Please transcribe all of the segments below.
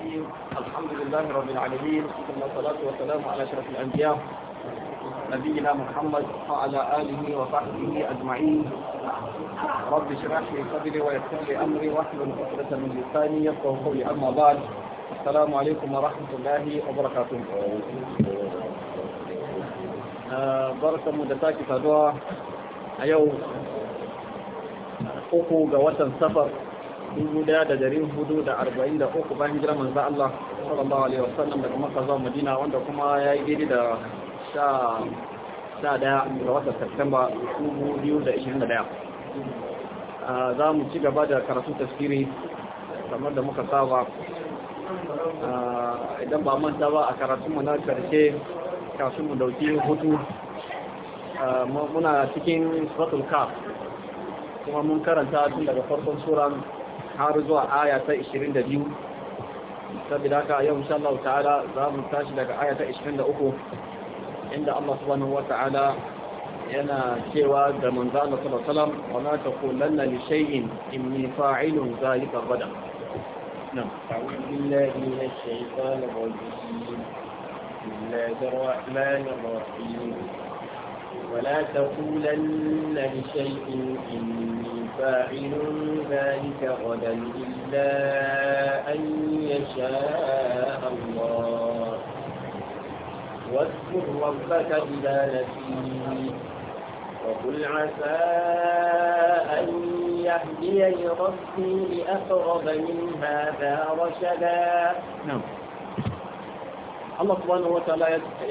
الرحيم الحمد لله رب العالمين ثم الصلاة والسلام على أشرف الأنبياء نبينا محمد وعلى آله وصحبه أجمعين رب اشرح لي صدري ويسر لي أمري واحلل عقدة من لساني يفقه قولي أما بعد السلام عليكم ورحمة الله وبركاته آه، بركة مدتاك فدوى أيو أخو قوة سفر Dubu da da da hudu arba'in uku, bayan hijirar manzo Allah sallallahu alaihi wa sallam, daga Makka zuwa Madina wanda kuma ya yi daidai da sha sha daya ga watan Satumba 2021 za mu ci gaba da karatu tafsiri kamar da muka saba idan ba manta ba a mu na karshe kafin mu dauki hutu muna cikin suratul kaf kuma mun karanta tun daga farkon suran har zuwa aya ta 22 saboda haka yau insha Allah ta'ala za mu tashi daga aya ta 23 inda Allah subhanahu wa ta'ala yana cewa da manzo Allah sallallahu alaihi wasallam wa ma taqulanna li shay'in inni fa'ilun zalika badan nam أعوذ بالله من الشيطان الرجيم بسم الله ولا تقولن لشيء إني فاعل ذلك غدا إلا أن يشاء الله واذكر ربك إذا نسيت وقل عسى أن يهديني ربي لأقرب من هذا رشدا نعم الله سبحانه وتعالى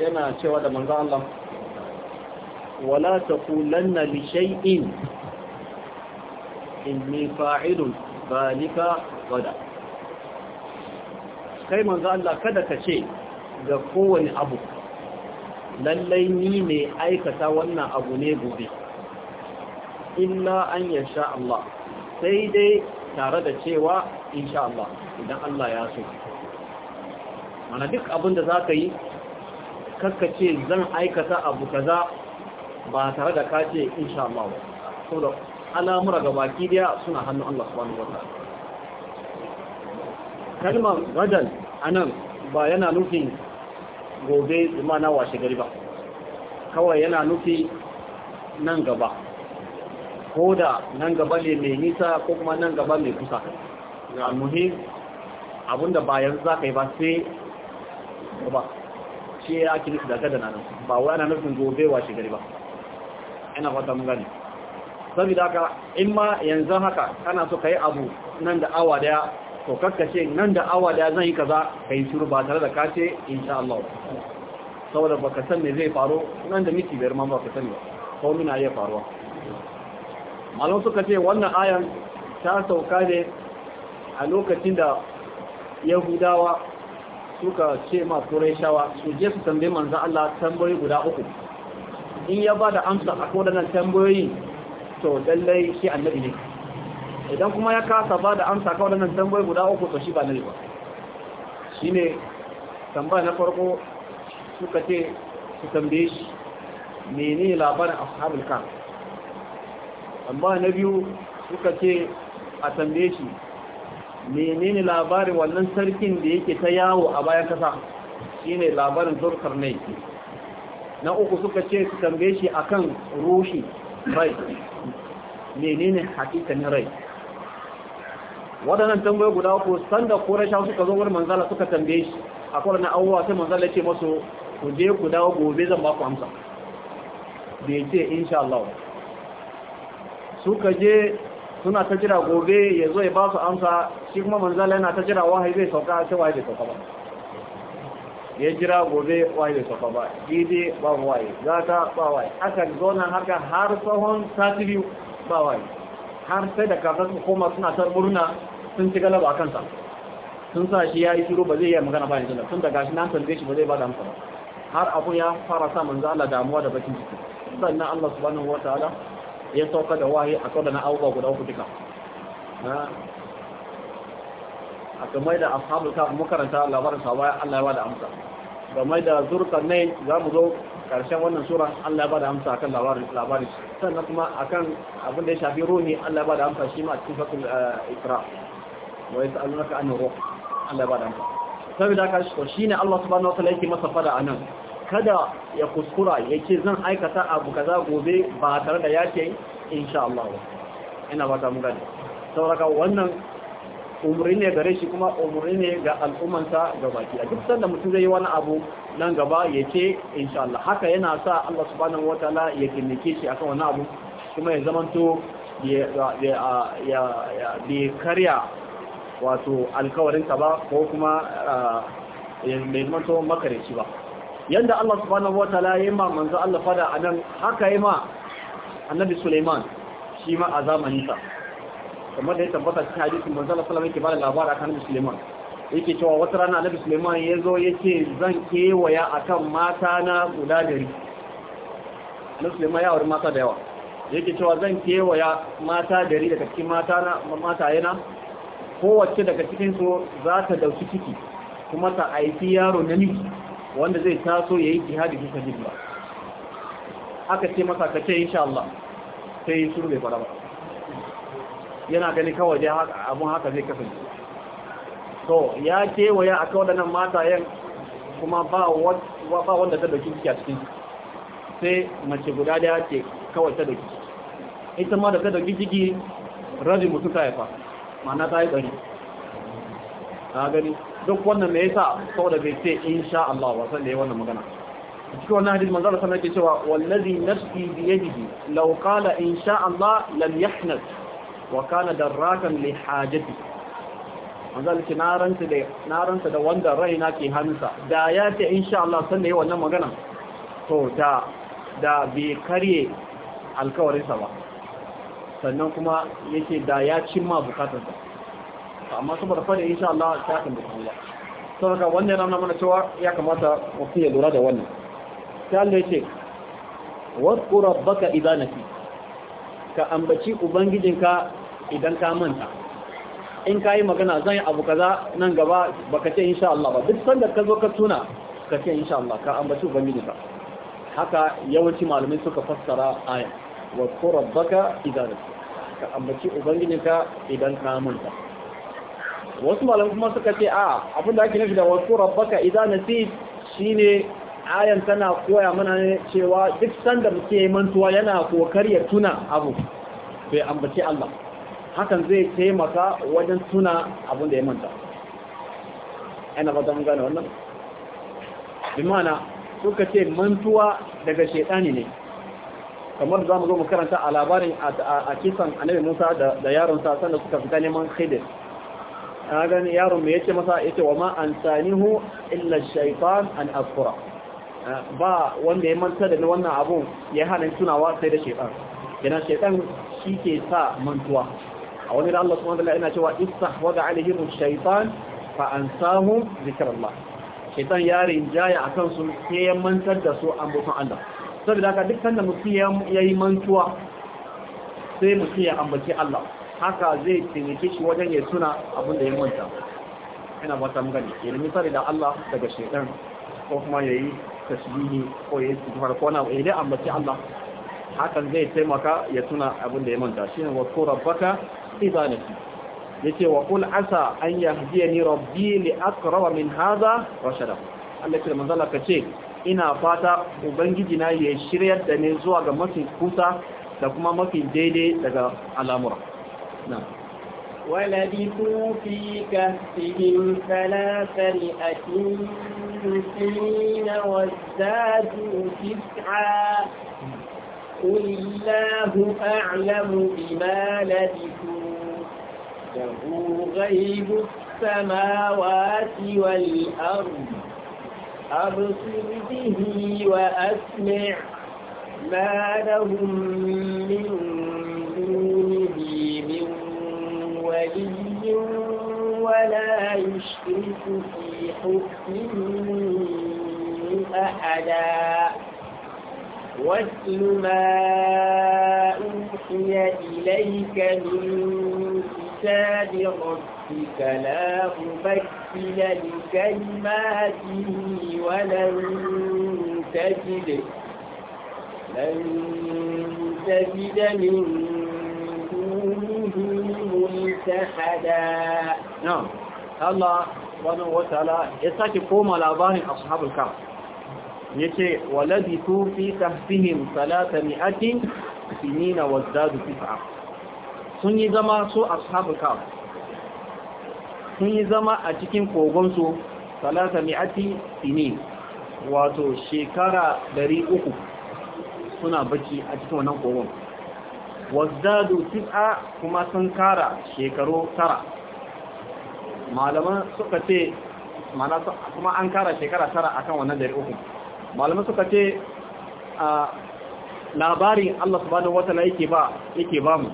yana سوى من قال الله wala taqulanna li shay'in inni fa'ilun zalika gada kai manzo Allah kada ka ce ga kowane abu lallai ni ne aikata wannan abu ne gobe illa an yasha Allah sai dai tare da cewa insha Allah idan Allah ya so mana duk abin da ka yi kakkace zan aikata abu kaza ba tare da ka ce insha Allah ba saboda al'amura ga baki da suna hannun Allah subhanahu wataala kalma radal anan ba yana nufin gobe na washe gari ba kawai yana nufi nan gaba ko da nan gaba ne mai nisa ko kuma nan gaba mai kusa ga muhim abinda bayan za ka yi ba sai gaba shi ya ake daga da nan ba wani nufin gobe washe gari ba ina wata mun saboda haka in ma yanzu haka kana so kai abu nan da awa daya to kakkace nan da awa daya zan yi kaza kai shiru ba tare da kace insha Allah saboda baka san me zai faru nan da miki biyar ma baka sani ba ko muna iya faruwa malon suka ce wannan ayan ta sauka ne a lokacin da yahudawa suka ce ma turai shawa su je su tambayi manzo Allah tambayi guda uku in ya ba da amsa a nan tambayoyi to dallai shi annabi ne idan kuma ya kasa ba da amsa a nan tambayoyi guda uku to shi ba nabi ba shi ne tambaya na farko suka ce su tambaye shi mene labarin ashabul kan tambaya na biyu suka ce a tambaye shi menene labarin wannan sarkin da yake ta yawo a bayan kasa shine labarin zurkar ne na uku suka ce su tambaye shi akan ruhi rai menene hakikanin rai waɗannan tambaye guda uku sanda kurashawa suka zo wurin manzala suka tambaye shi akwai na abubuwa sai manzala ce masu ku je ku dawo gobe zan ba ku amsa bai ce insha Allah suka je suna ta jira gobe ya zo ya ba su amsa shi kuma manzala yana ta jira wahai zai sauka sai wahai zai sauka ba ya jira gobe waye safa ba dide ba waye zata ba waye aka zauna haka har tsohon sati ba waye har sai da kafin hukuma suna tar murna sun ci galaba a kansa sun sa shi ya yi shiru ba zai yi magana ba yanzu sun da gashi nan zai shi ba zai ba da amsa ba har abu ya fara sa manzo Allah damuwa da bakin ciki sannan Allah subhanahu wataala ya sauka da wahayi a kawai na abubuwa guda uku duka a kamar da ashabul kaf makaranta labarin sahaba Allah ya bada amsa game da za mu zo karshen wannan sura Allah ya bada amsa akan labarin labarin sannan kuma akan abin da ya shafi ruhi Allah ya bada amsa shi ma a cikin fatul eh, ikra wa yas'alunaka an ruh Allah ya bada amsa saboda haka shi ne Allah subhanahu wa ta'ala yake masa fada anan kada ya kuskura yake zan aikata abu kaza gobe ba tare da yake insha Allah ina ba ta mun gani saboda wannan umarni ne gare shi kuma umarni ne ga al'ummansa ga baki a duk sanda mutum zai yi wani abu nan gaba ya ce insha Allah haka yana sa Allah subhanahu wataala ya kinnike shi akan wani abu kuma ya zamanto ya karya wato alkawarinsa ba ko kuma ah, ya zamanto makareci ba yanda Allah subhanahu wataala ya yi ma manzo Allah fada anan haka yi ma annabi Sulaiman shi ma a zamaninsa kamar da ya tabbata cikin hadisin manzo Allah sallallahu alaihi wasallam yake bada labari akan Sulaiman yake cewa wata rana Annabi Sulaiman ya zo ce zan kewaya akan mata na guda dari Annabi Sulaiman ya aure mata da yawa yake cewa zan kewaya mata dari daga cikin mata na mata yana kowace daga cikin su za ta dauki ciki kuma ta aiki yaro namiji wanda zai taso yayi jihadi fi sabilillah aka ce masa kace insha Allah sai shiru bai fara ba yana gani kawai dai abun haka zai kasance to ya kewaya a kawai waɗannan matayen kuma ba wanda ta doki ciki a cikin sai mace guda da ya ce kawai ta doki ita ma da ta doki ciki rabin mutu ta haifa ma'ana ta yi ɗari ta gani duk wannan mai yasa da bai ce insha Allah wasan da ya wannan magana cikin wannan hadis manzara sanar ke cewa wallazi nafsi biyadihi law qala insha Allah lam yahnas wa kana darrakan li hajati ki na ranta da na da wanda raina ke hansa da ya ta insha Allah sanne wannan magana to da da bai karye sa ba sannan kuma yake da ya cimma sa amma saboda fara insha Allah ta kan bukata saboda wannan yana mana cewa ya kamata mutum ya lura da wannan sai Allah yake wa qurabbaka idanaki ka ambaci ubangijinka idan ka manta in ka yi magana zan yi abu kaza nan gaba baka ce insha Allah ba duk sanda ka zo ka tuna ka ce insha Allah ka ambaci ubangijinka haka yawanci malamai suka fassara aya wa rabbaka idan ka ambaci ubangijinka idan ka manta wasu malamai kuma suka ce a abinda ake nufi da wa rabbaka idan nasi shine ayan tana koya mana ne cewa duk sanda muke mantuwa yana kokari ya tuna abu bai ambaci Allah hakan zai taimaka wajen tuna abin da ya manta ana ba don gane wannan bimana suka ce mantuwa daga shedani ne kamar za mu zo mu karanta a labarin a kisan annabi musa da yaron sa sanda suka fita neman khidir na gani yaron mai yake masa yake wa ma an sanihu illa shaitan an askura ba wanda ya manta da wannan abun ya hana tunawa sai da shekar yana shekar shi ke sa mantuwa a wani da Allah subhanahu wa ta'ala yana cewa waga alihin shaitan fa zikar Allah shaitan ya rinjaya a kansu ke ya mantar da su an ambaton Allah da haka duk sanda mutum ya yi mantuwa sai mutum ya ambaci Allah haka zai taimake shi wajen ya tuna abin da ya manta ina ba ta gani ya misali da Allah daga shaitan ko kuma ya yi tasbihi ko ya istighfar ko na ya amma ambaci Allah hakan zai taimaka ya tuna abin da ya manta shi ne wato rabbaka idza yace wa qul asa an yahdiyani rabbi li aqrab min hadha rashada Allah ya manzo Allah kace ina fata ubangiji na ya shiryar da ni zuwa ga mafi kusa da kuma mafi daidai daga al'amura na'am ولبثوا في كهفهم ثلاث مئة سنين وازدادوا تسعا قل الله أعلم بما لبثوا له غيب السماوات والأرض أبصر به وأسمع ما لهم من ولي ولا يشرك في حكمه أحدا واتل ما أوحي إليك من كتاب ربك لا مبدل لكلماته ولن تجد لن تجد من اتحدا نعم الله سبحانه وتعالى يساكي قوم الأبان أصحاب الكعب يتي ولبثوا في كهفهم ثلاثمائة سنين وازدادوا تسعة sun yi zama su ashabul kaf sun yi zama a cikin kogonsu talata mi'ati sinin wato shekara 300 suna bacci a cikin wannan kogon wazdadu tis'a kuma sun kara shekaru tara malaman suka ce kuma an kara shekara tara akan wannan dari uku malaman suka ce a labarin Allah subhanahu wataala yake ba yake ba mu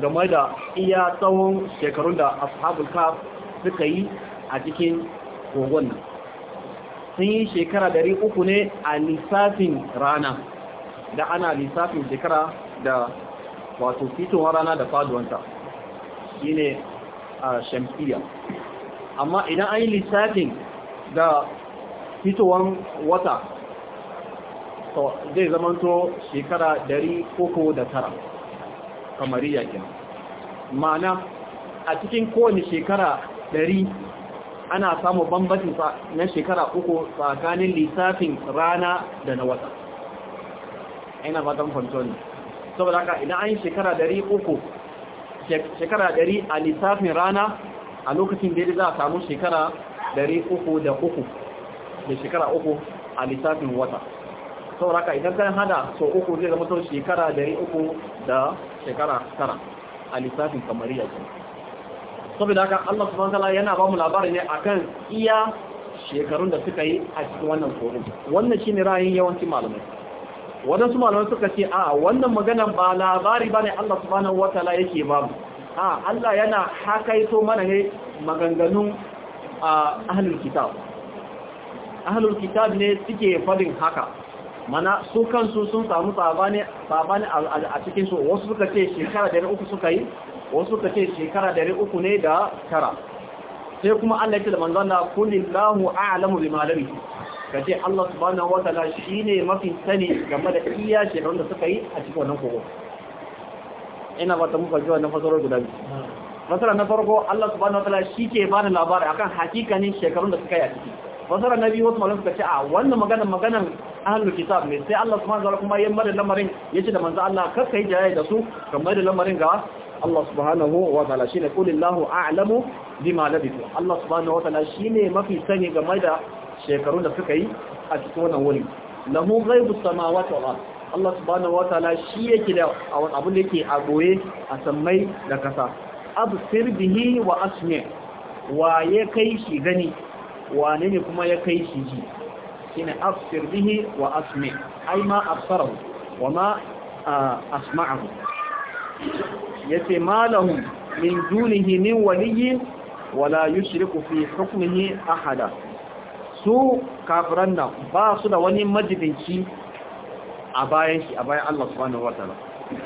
game da iya tsawon shekarun da ashabul kaf suka yi a cikin kogon nan sun yi shekara dari uku ne a lissafin rana da ana lissafin shekara da wato fitowar rana da faduwanta shine a shamfiya amma idan an yi lissafin da fitowar wata zai zamanto shekara dari koko da tara kamar yakin. ma'ana a cikin kowane shekara dari ana samu bambanci na shekara uku tsakanin lissafin rana da na wata ina fatan fantoni saboda haka idan an yi shekara ɗari uku shekara ɗari a lissafin rana a lokacin da za a samu shekara ɗari uku da uku da shekara uku a lissafin wata saboda haka idan kan hada so uku zai zama to shekara ɗari uku da shekara tara a lissafin kamariya ce saboda haka Allah subhanahu wataala yana ba mu labarin ne akan iya shekarun da suka yi a cikin wannan korin wannan shine ra'ayin yawancin malamai waɗansu malamai suka ce a wannan maganan ba labari ba ne Allah subhanahu wataala yake ba a Allah yana hakaito mana ne maganganun ahlul kitab ahlul kitab ne suke fadin haka mana su kansu sun samu sabani sabani a cikin su wasu suka ce shekara uku suka yi wasu suka ce shekara uku ne da tara sai kuma Allah ya ce da manzon Allah kulillahu a'lamu bima labi ka ce Allah subhanahu wa ta'ala shine mafi sani game da iya shi da suka yi a cikin wannan kogo ina ba ta muka jiwa na fasarar guda biyu fasara na farko Allah subhanahu wa ta'ala shi ke ba da labari akan hakikanin shekarun da suka yi a ciki fasara na biyu wasu malam suka ce a wannan magana maganan ahlul kitab ne sai Allah subhanahu wa ta'ala kuma ya mada lamarin ya yace da manzo Allah kar ka yi jayayya da su kamar da lamarin ga Allah subhanahu wa ta'ala shine qulillahu a'lamu bima labithu Allah subhanahu wa ta'ala shine mafi sani game da shekarun da suka yi a cikin wannan wuri lahu ghaibu samawati wal ard Allah subhanahu wa ta'ala shi yake da abun da yake a goye a sammai da kasa absir bihi wa asmi wa ya kai shi gani wa ne kuma ya kai shi ji shine absir bihi wa asmi ai ma absarahu wa ma asma'ahu yace malahu min dunihi min waliyyin wala yushriku fi hukmihi ahada su kafiran nan ba su da wani majibinci a bayan shi a bayan Allah subhanahu wa ta'ala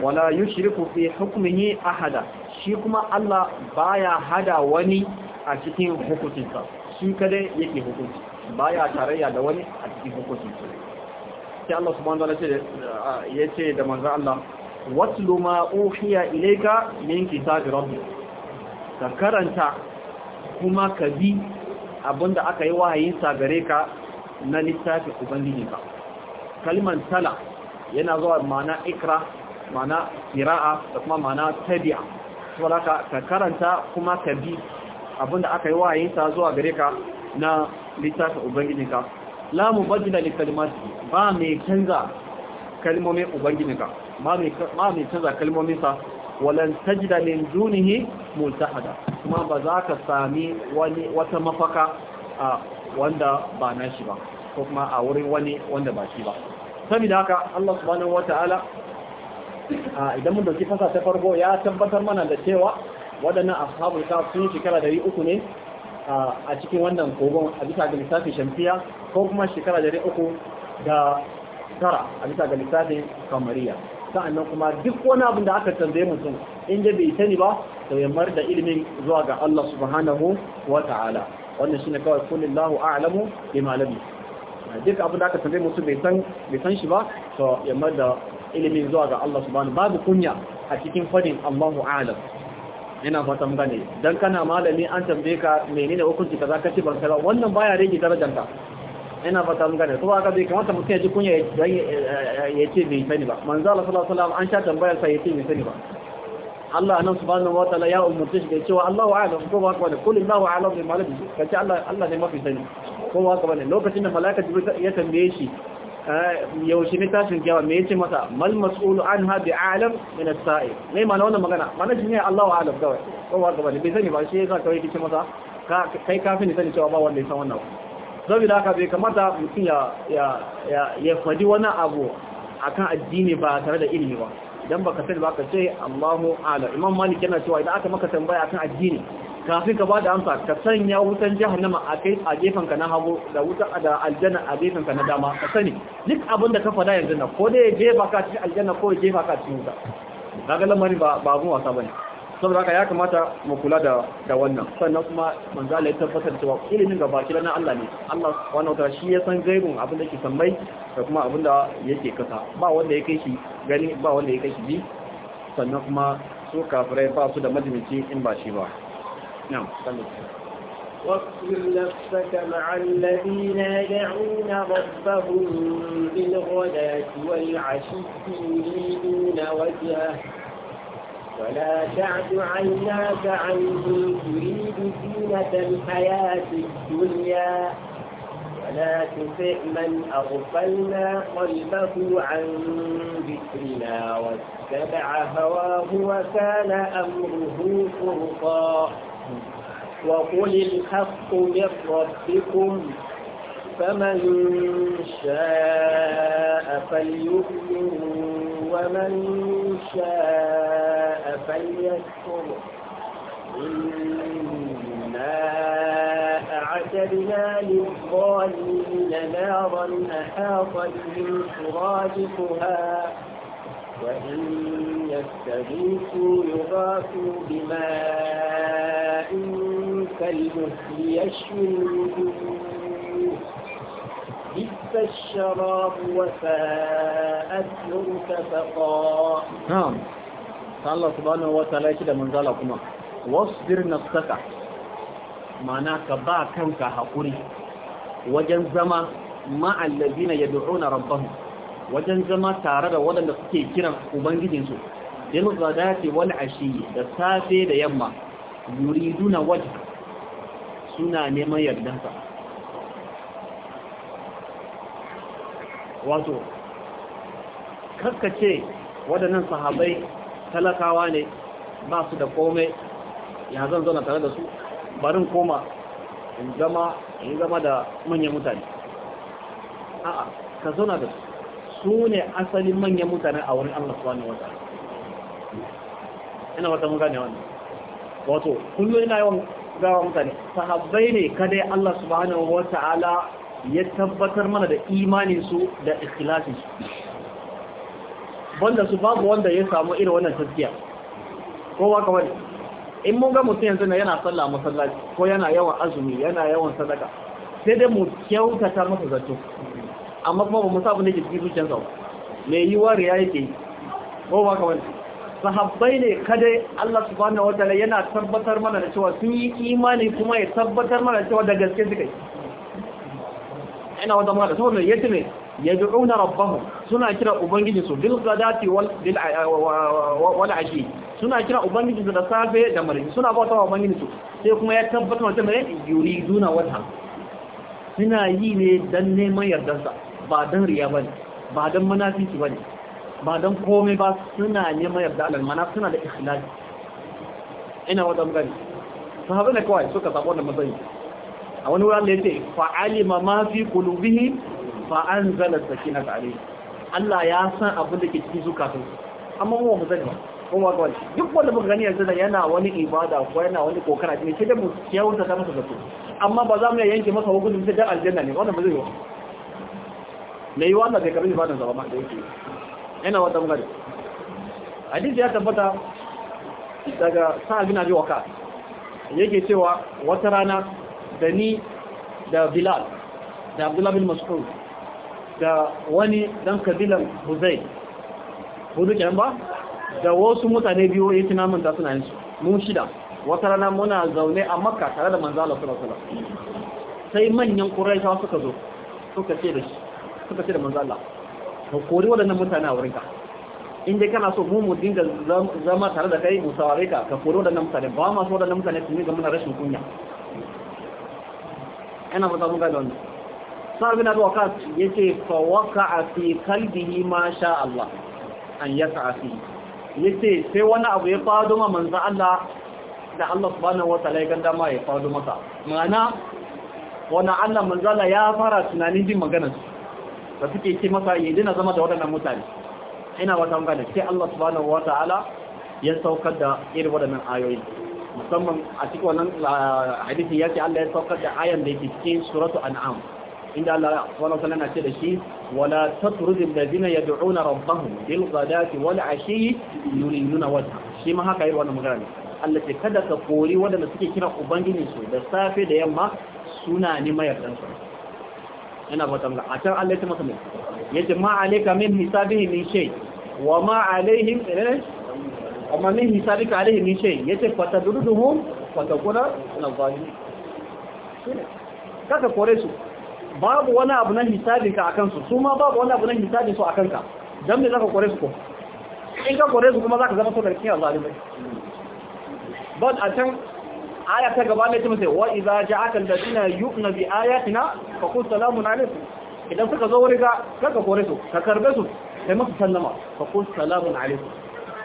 wala yushriku fi hukmihi ahada shi kuma Allah baya hada wani a cikin hukuncinsa shi kada yake hukunci baya tarayya da wani a cikin hukuncinsa sai Allah subhanahu wa wataala yace da uh, manzo Allah watlu ma uhiya ilayka min kitabi rabbika ka karanta kuma ka bi abinda aka yi wahayinsa sagare ka na littafi ubangiji ba kalman tala yana zuwa mana ikra mana kira'a da kuma mana tabi'a saboda ka karanta kuma ka bi abinda aka yi wahayinsa zuwa gare ka na littafi ubangiji ka la mubaddila li kalimati ba mai canza kalmomin ubangiji ka ba mai canza kalmomin sa walan tajida min dunihi multahada kuma ba za ka sami wani wata mafaka a wanda ba nashi ba ko kuma a wurin wani wanda ba shi ba saboda haka Allah subhanahu wataala idan mun dauki fasa ta farko ya tabbatar mana da cewa waɗannan ashabul kaf sun shekara uku ne a cikin wannan kogon a bisa ga lissafin shamfiya ko kuma shekara uku da tara a bisa ga lissafin kamariya sa'annan kuma duk wani abin da aka tambaye mutum in da bai sani ba to ya mar da ilimin zuwa ga Allah subhanahu wa ta'ala wannan shine kawai kulillahu a'lamu bima duk abin da aka tambaye mutum bai san bai san shi ba to ya mar da ilimin zuwa ga Allah subhanahu babu kunya a cikin fadin Allahu a'lam ina fata mun gane dan kana malami an tambaye ka menene hukunci kaza kace ban kaza wannan baya rage darajarka ina fata mun gane kuma haka bai kamata mutum ya ji kunya ya ce bai sani ba manzo Allah sallallahu alaihi wasallam an sha tambayar sa ya ce bai sani ba Allah nan subhanahu wa ta'ala ya umurce shi bai cewa Allahu a'lam ko ba ka bane kullu Allahu a'lam bi ka ce Allah Allah ne mafi sani ko ba ka bane lokacin da malaika Jibril ya tambaye shi eh, yaushe ne tashin kiyama me yace masa mal mas'ulu ha bi a'lam min as sai me ma wannan magana mana shi ne Allahu a'lam kawai ko ba ka bane bai sani ba shi ka kawai kace masa kai kafin ne sani cewa ba wanda ya san wannan saboda haka bai kamata mutum ya faɗi wani abu a kan addini ba tare da ilimi ba idan baka sani ka ce Allahu ala Imam Malik yana cewa idan aka maka tambaya a kan addini kafin ka ba da amsa ka sanya wutan jahannama a kai a gefen ka na hagu da wuta da aljanna a gefen ka na dama ka sani duk abin da ka faɗa yanzu na ko dai jefa ka cikin aljanna ko jefa ka cikin wuta lamarin ba ba wasa ne. saboda haka ya kamata mu kula da da wannan sannan kuma manzala ya tabbatar cewa ilimin gaba kira na Allah ne Allah subhanahu wataala shi ya san gairun abin da yake sammai da kuma abin da yake kasa ba wanda ya kai shi gani ba wanda ya kai shi bi sannan kuma su kafirai ba su da majalici in ba shi ba na'am sannan alaihi واصبر نفسك مع الذين يدعون ربهم بالغداة والعشي يريدون وجهه ولا تعد عيناك عنه تريد زينة الحياة الدنيا ولا تطع من أغفلنا قلبه عن ذكرنا واتبع هواه وكان أمره فرقا وقل الحق من ربكم فمن شاء فليؤمن ومن شاء فليشكر إنا أعتدنا للظالمين نارا أحاط بهم سرادقها وإن يستغيثوا يغاثوا بماء كالمثل يشوي الوجوه بئس الشراب وساءت مرتفقا نعم الله سبحانه وتعالى كده من ذلك كما واصبر نفسك ka ba kanka haƙuri wajen zama ma'allazina ya du'una rabbahu wajen zama tare da waɗanda suke kiran ubangijinsu yin zadati wal ashi da safe da yamma yuriduna wajh suna neman yardansa wato ce waɗannan sahabai talakawa ne ba su da komai ya zan zauna tare da su barin koma in zama in zama da manyan mutane a'a ka zauna da su su ne asalin manyan mutane a wurin Allah subhanahu wa ta'ala ina wata mun gane wannan wato kullum ina yawan gawa mutane sahabbai ne kada Allah subhanahu wa ta'ala ya tabbatar mana da imaninsu da ikhlasinsu banda su babu wanda ya samu irin wannan taskiya kowa wani, in mun ga mutum yanzu yana sallah masallaci ko yana yawan azumi yana yawan sadaka sai dai mu kyautata masa zato amma kuma ba mu sa abin jiki zuciyar sa zuciyarsa yi wa riya yake yi ko ba wani, sahabbai ne kada Allah subhanahu wataala yana tabbatar mana da cewa sun yi imani kuma ya tabbatar mana da cewa da gaske suka yi ina wata mala saboda yace ne yad'una rabbahum suna kira ubangiji su bil ghadati wal bil wal ashi suna kira ubangiji da safe da marji suna bauta wa ubangiji su sai kuma ya tabbata wata mai yuriduna wata suna yi ne dan neman yardarsa ba dan riya bane ba dan munafiki bane ba dan komai ba suna neman yarda Allah mana suna da ikhlasi ina wata magana sahabbai ne kawai suka sabo da matsayi a wani wurin da yake fa'alima ma fi qulubihim fa anzala sakinata alayhi Allah ya san abin da ke cikin zukatun amma mu mu zani ba kuma ga wani duk wanda muka gani yanzu da yana wani ibada ko yana wani kokara ne sai da mu kyauta ta masa zato amma ba za mu yanke masa hukuncin sai da aljanna ne wannan ba zai yi ba me yi wannan bai karbi ibadan sa ba ma da yake yana wata mugari hadisi ya tabbata daga sa'a bin abi waka yake cewa wata rana da da bilal da abdullah bin mas'ud da wani dan kabilan huzai hudu kenan ba da wasu mutane biyu ya tuna mun ta suna yin mun shida wata rana muna zaune a makka tare da manzo Allah sallallahu alaihi sai manyan quraishawa suka zo suka ce da shi suka ce da manzo Allah ka kori waɗannan mutane a wurinka in dai kana so mu mu dinga zama tare da kai mu saware ka ka kori waɗannan mutane ba ma so waɗannan mutane su ne ga muna rashin kunya yana fata mun gane wannan sa'ad bin abu waqas yace fa waqa'a fi qalbihi ma sha Allah an yasa fi yace sai wani abu ya fado ma manzo Allah da Allah subhanahu wataala ya ganda ma ya fado masa ma'ana wannan Allah manzo Allah ya fara tunanin jin maganar da suke ce masa ya dina zama da waɗannan mutane ina wata mun gane sai Allah subhanahu wataala ya saukar da irin waɗannan ayoyi musamman a cikin wannan hadisi ya ce Allah ya saukar da ayan da yake cikin suratu an'am inda Allah subhanahu wa ta'ala ce da shi wala tatrud alladhina yad'una rabbahum bil ghadati wal ashi yuriduna wajha shi ma haka yi wannan magana Allah ce kada ka kori wadanda suke kira ubangijin su da safe da yamma suna neman yardan su ina ba tamla a can Allah ya ce masa ne yace ma alayka min hisabihi min shay wa ma alaihim eh, amma min ka alaihi min shay yace fatadruduhum fatakuna min al-zalimin kaka kore su babu wani abu na ka akan su su ma babu wani abu na hisabi su akan ka dan me zaka kore su ko in ka kore su kuma zaka zama so karkin Allah ne Ba a can aya ta gaba ne ta sai wa idza ja'aka alladhina yu'minu bi ayatina fa qul salamun alaykum idan suka zo wuri ga kaka kore su ka karbe su sai musu sallama fa qul salamun alaykum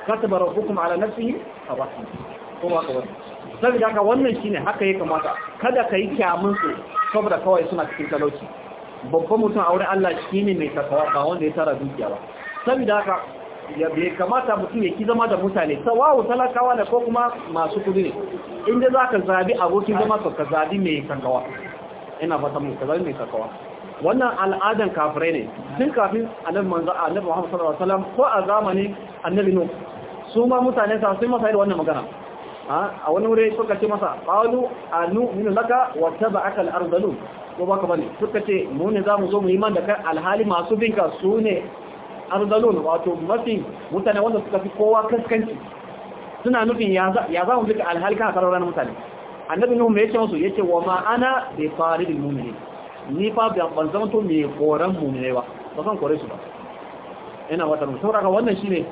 kataba rabbukum ala nafsihi ar-rahma kuma ka wani sai da wannan shine haka ya kamata kada ka yi kyamun su saboda kawai suna cikin talauci babban mutum a wurin Allah shi ne mai takawa ba wanda ya tara dukiya ba saboda haka ya bai kamata mutum ya ki zama da mutane sawawu talakawa ne ko kuma masu kudi ne inda za ka zabi abokin zama ka zabi mai kankawa? ina fata mu ka zabi mai takawa wannan al'adan kafirai ne tun kafin annabi manzo annabi Muhammad sallallahu alaihi wasallam ko a zamanin annabi Nuh su ma mutane sa sun masa irin wannan magana a wani wuri suka ce masa ƙalu a min laka wata ba aka al'arzalu ko ka bane suka ce mu za mu zo mu yi man da kan alhali masu binka su ne arzalu wato mafi mutane wanda suka fi kowa kaskanci suna nufin ya za mu duka alhali kan karar ranar mutane annabi nuhu mai ce musu yace wa ma'ana ana bi faridil mu'minin ni fa ban zama to mai koran ne ba ba san kore su ba ina wata mutum saboda wannan ne.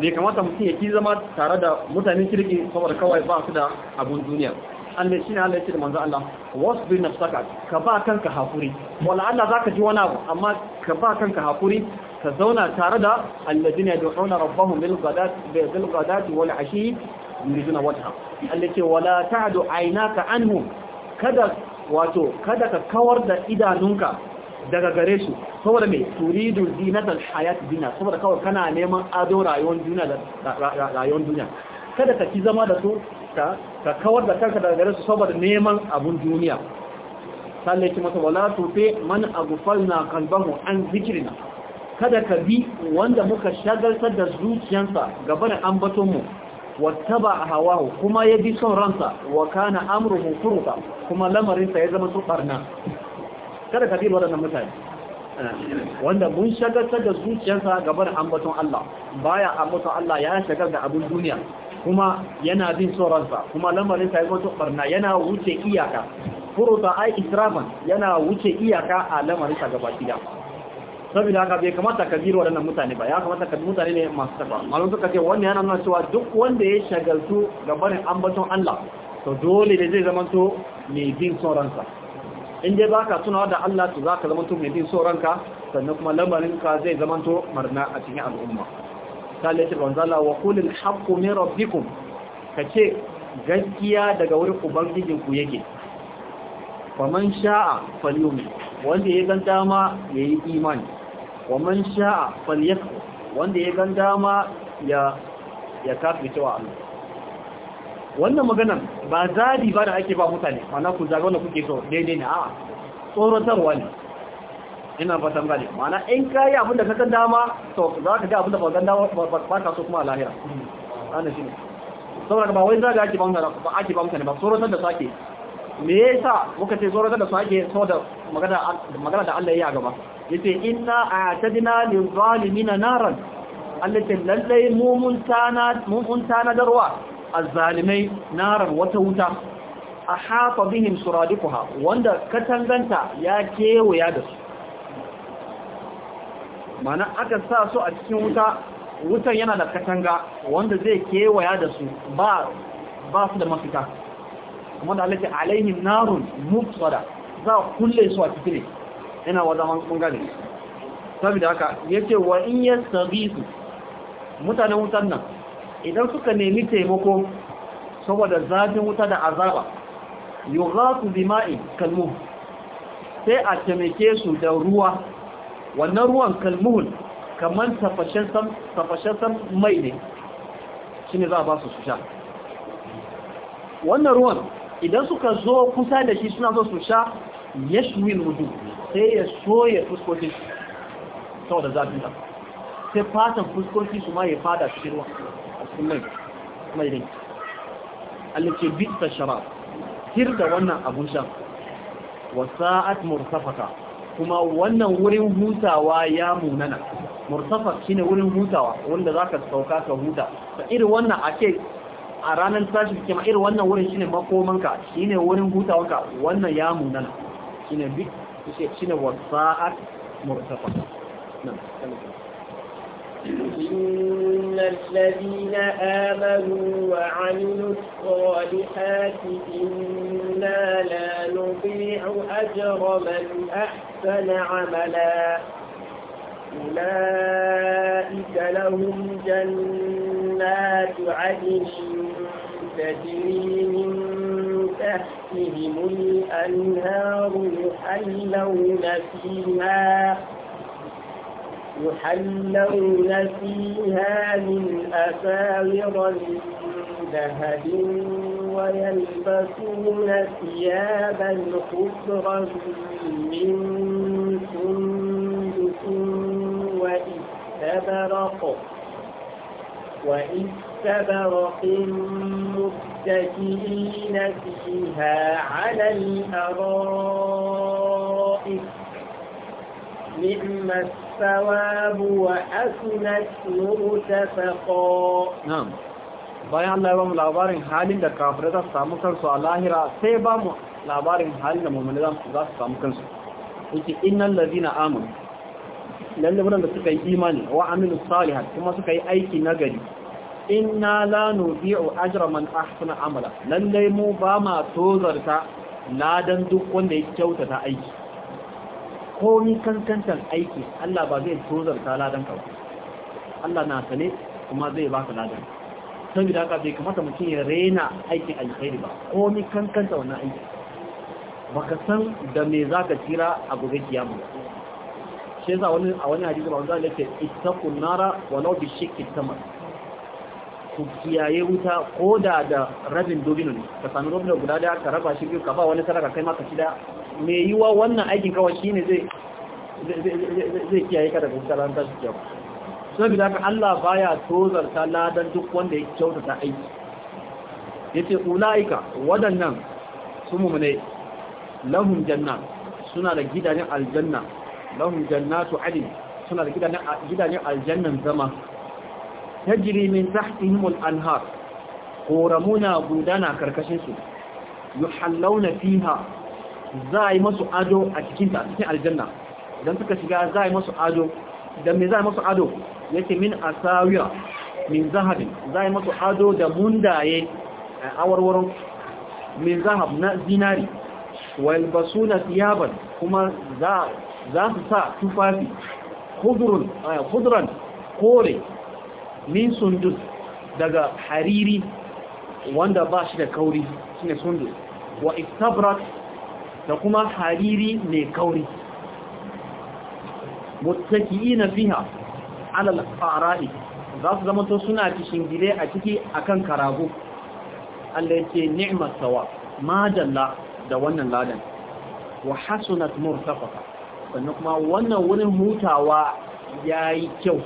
bai kamata mutum ya ki zama tare da mutane kirki saboda kawai ba su da abun duniya Allah shi Allah ya da manzo Allah bin nafsaka ka ba kanka hakuri wala Allah zaka ji wani abu amma ka ba kanka hakuri ka zauna tare da alladina yad'una rabbahum bil ghadati bil ghadati wal ashi yuriduna wajha Allah ce wala ta'du aynaka anhum kada wato kada ka kawar da idanunka daga gare su saboda mai turidu da hayat duniya saboda kawai kana neman ado rayuwar duniya da rayuwar duniya kada ka ki zama da su ka kawar da kanka daga gare su saboda neman abun duniya sallai ki masa wala tufe man agufalna kalbahu an zikirina kada ka bi wanda muka shagaltar da zuciyansa gaba da ambatonmu a hawahu kuma ya bi son ransa wa kana amurin kuma lamarinsa ya zama su barna kada ka bin waɗannan mutane wanda mun shagartar da zuciyarsa gaban ambaton Allah baya ambaton Allah ya shagar da abin duniya kuma yana bin sauransa kuma lamarin sa yazo barna yana wuce iyaka furuta ai israfan yana wuce iyaka a lamarin sa gaba kida saboda haka bai kamata ka biro waɗannan mutane ba ya kamata ka mutane ne masu tafa malum suka ce wannan yana nuna cewa duk wanda ya shagaltu gaban ambaton Allah to dole ne zai zama to mai bin sauransa in dai baka tunawa da Allah to zaka zama to mai bin so ranka sannan kuma lamarin ka zai zama to marna a cikin al'umma sai ce banzala wa qulil haqqu min rabbikum kace gaskiya daga wurin ubangijin ku yake Kwaman sha'a falyumin wanda ya gan dama yayi imani Kwaman sha'a falyakfur wanda ya gan dama ya ya cewa wa Allah wannan maganan ba zabi ba da ake ba mutane mana ku zaga wanda kuke so daidai ne a'a tsoratarwa ne ina fatan gane mana in kayi abin da kakan dama to za ka ga abin da ba kan dama ba ka so kuma a lahira ana shi ne saboda ba wai zaga ake ba mutane ba ake ba mutane ba tsoratar da su ake. me yasa muka ce tsoratar da sake saboda magana magana da Allah ya yi a gaba yace inna a'tadna lil zalimin naran allati lallai mumun tana mumun tana darwa azzalimai naran wata wuta a hafa bihim suradiquha wanda katanganta ya kewaya da su mana aka sa su a cikin wuta wutan yana da katanga wanda zai kewaya da su ba su da mafita kuma da alaƙi alaihim narun mubsada za a kulle su a cikin ne yana wa zaman ƙungare. saboda haka ya ce wa in yi sabisu mutanen wutan nan idan suka nemi taimako saboda zafin wuta da azaba su bima'i kalmu sai a taimake su da ruwa wannan ruwan kalmuhun kamar san mai ne shi ne za a ba su su sha wannan ruwan idan suka zo kusa da shi suna zo su sha ya shuwi mudu sai ya soye fuskoki zafin da sai fatan fuskoki su ma ya fada shi ruwan kullum mai rai Allah bisa wannan abun sha wa sa'at murtafaka kuma wannan wurin hutawa ya munana shi shine wurin hutawa wanda zaka sauka ka huta ta irin wannan ake a ranar tashi ma irin wannan wurin shine makomanka shine wurin hutawanka wannan ya munana shine bi shine wa murtafaka nan إن الذين آمنوا وعملوا الصالحات إنا لا نضيع أجر من أحسن عملا أولئك لهم جنات عدن تجري من تحتهم الأنهار يحلون فيها يحلون فيها من أساور ذهب ويلبسون ثيابا خضرا من سندس وإستبرق وإستبرق متكئين فيها على الأرائك نعم الثواب وحسنت مرتفقا نعم bayan Allah ya ba mu labarin halin da kafirai za su samu kansu a lahira sai ba mu labarin halin da mummuni za su samu kansu yake innal ladina amanu lalle wannan da suka yi imani wa Aminu, salihat kuma suka yi aiki na gari. inna la nudi'u ajra man ahsana amala lalle mu ba ma tozarta ladan duk wanda ya kyautata aiki komi kankantan aiki Allah ba zai tozarta ladan ka ba Allah na sane kuma zai baka ladan saboda haka bai kamata mutum ya rena aikin alkhairi ba komi kankanta wannan aiki baka san da me zaka tira a gobe kiyama shi yasa wani a wani hadisi ba wanda yake ittaqun nara walau bi shikki tamam ku kiyaye wuta ko da da rabin dobino ne ka sami robin guda daya ka raba shi ka ba wani sadaka kai ma ka ci mai yiwa wannan aikin kawai shi ne zai kiyaye ka daga mutarantar su kyau sun bi daga Allah baya tozarta ladan duk wanda ya kyauta ta aiki ya ce ula'ika waɗannan su mummune lahun janna suna da gidanen aljanna lahun janna jannatu alim suna da gidanen aljannan zama Ta tajiri min tahtihimul anhar koramuna gudana karkashinsu yuhallawna fiha za a yi masu ado a cikin ta cikin aljanna idan suka shiga za a yi masu ado da me za a yi masu ado yake min asawiya min zahabin za a yi masu ado da mundaye a awarwaron min zahab na zinari wal basuna thiyaban kuma za su sa tufafi khudrun kore min sundus daga hariri wanda ba shi da kauri shine sundus wa istabrak da kuma hariri mai kauri muttaki'ina fiha ala al-ara'i za su zama to suna cikin gile a ciki akan karago Allah yake ni'mat sawa madalla da wannan ladan wa hasunat murtafaqa sannan kuma wannan wurin hutawa yayi kyau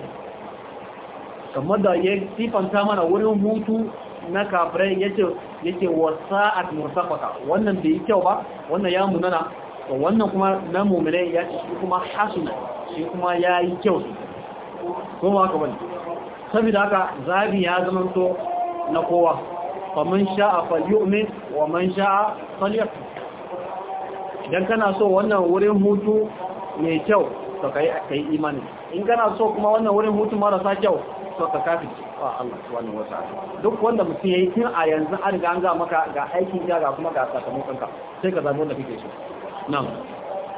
kamar da ya sifanta mana wurin hutu na kafirai yace yake wasa'at mursafaqa wannan bai kyau ba wannan ya munana to wannan kuma na mu'mine ya ce shi kuma hasuna shi kuma yayi kyau Ko ba ka bane saboda haka zabi ya zama to na kowa faman sha'a falyu'min wa man sha'a falyakfur idan kana so wannan wurin hutu mai kyau to kai kai imani in kana so kuma wannan wurin hutu marasa kyau to ka kafi. Allah duk wanda mutum yayi tun a yanzu an ga an ga maka ga aikin ka ga kuma ga sakamakon ka sai ka zama wanda kake so na'am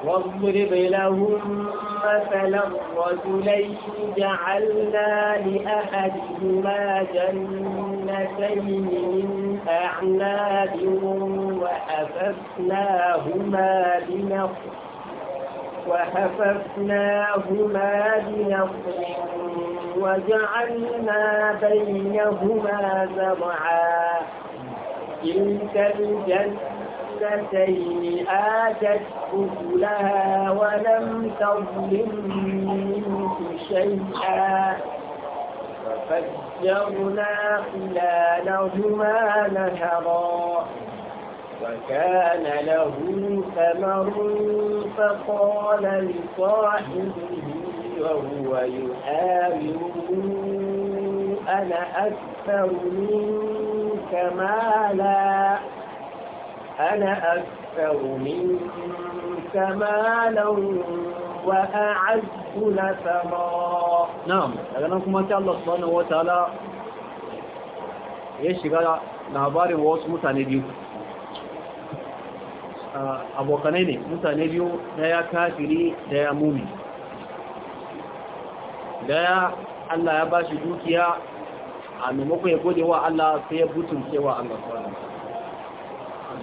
واضرب لهم مثلا رجلين جعلنا لأحدهما جنتين من أعناب وحففناهما بنخل وحففناهما بنصر وجعلنا بينهما زرعا تلك الجنتين آتت أكلها ولم تظلم منه شيئا وفجرنا خلالهما نهرا وكان له ثمر فقال لصاحبه وهو يحاوره أنا أكثر منك مالا أنا أكثر منك مالا وأعز لثما نعم لأنه كما شاء الله سبحانه وتعالى يشغل نهبار واسمه تاني abokanai ne mutane biyu daya kafiri daya mumi daya Allah ya ba shi dukiya a maimakon ya gode wa Allah sai ya butun cewa Allah subhanahu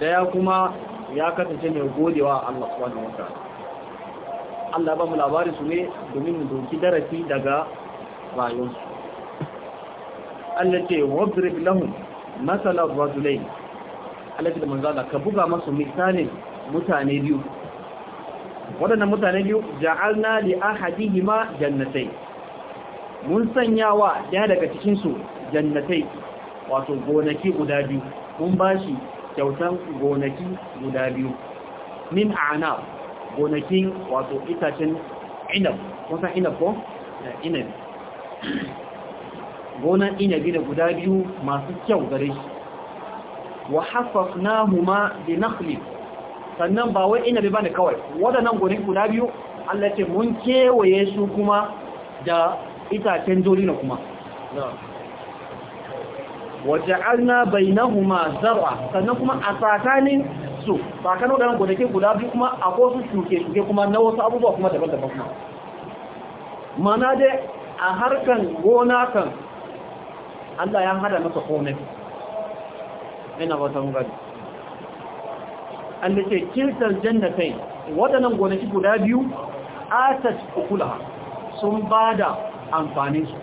Da daya kuma ya kasance mai gode wa Allah wani wata Allah ba mu labari su ne domin mu doki darasi daga rayuwarsu Allah ce wadrib lahum masalan rajulain alaji da manzala ka buga masu misalin mutane biyu waɗannan mutane biyu ja'alna li ahadihima jannatai mun sanya wa ɗaya daga cikinsu jannatai wato gonaki guda biyu mun bashi kyautan gonaki guda biyu min ana gonakin wato itacen inab kun san inab ko inab gonan inabi da guda biyu masu kyau gare shi wa hafafnahuma bi nakhli sannan ba wai inabi bane kawai wadannan gonin guda biyu Allah ce mun kewaye su kuma da itacen dolina kuma wa ja'alna bainahuma zar'a sannan kuma a tsakanin su tsakanin wadannan gonakin guda biyu kuma akwai su shuke-shuke kuma na wasu abubuwa kuma daban-daban kuma mana dai a harkan gona kan Allah ya hada masa komai ina ba ta gari annace ce jannatai waɗannan gonaki guda biyu atat ukulaha sun bada da amfaninsu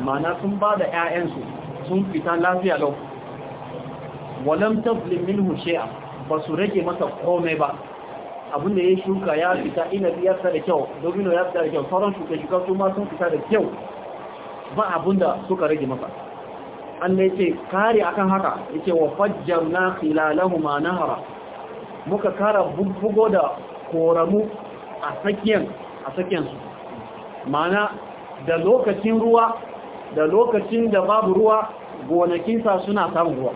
mana sun bada da 'ya'yansu sun fita lafiya lau walam taflin minhu shay'a ba su rage masa komai ba abin da ya shuka ya fita ina biyar da kyau domino ya fita da kyau sauran shuka shuka su ma sun fita da kyau ba abin da suka rage masa Allah yake kare akan haka yake wa fajjarna khilalahuma nahara muka kara bugo da koramu a tsakiyan a sakiyan su mana da lokacin ruwa da lokacin da babu ruwa gonakin sa suna samun ruwa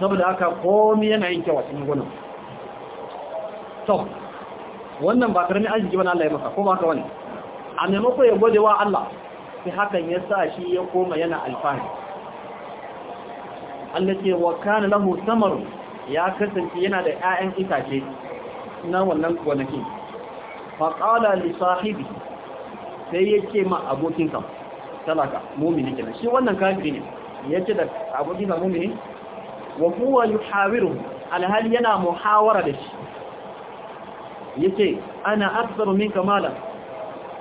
saboda haka komai yana yin kyau a cikin gona to wannan ba karamin arziki bane Allah ya masa ko ba ka wani a maimako ya gode wa Allah sai hakan ya sa shi ya koma yana alfahari Allah ce wa kana lahu samaru ya kasance yana da 'ya'yan itace na wannan gonakin faƙala li sahibi sai ya ce ma abokinsa talaka mumini kenan shi wannan kafiri ne ya ce abokin abokinsa mumini wa huwa yuhawiru alhal yana muhawara da shi ya ce ana aksaru min kamala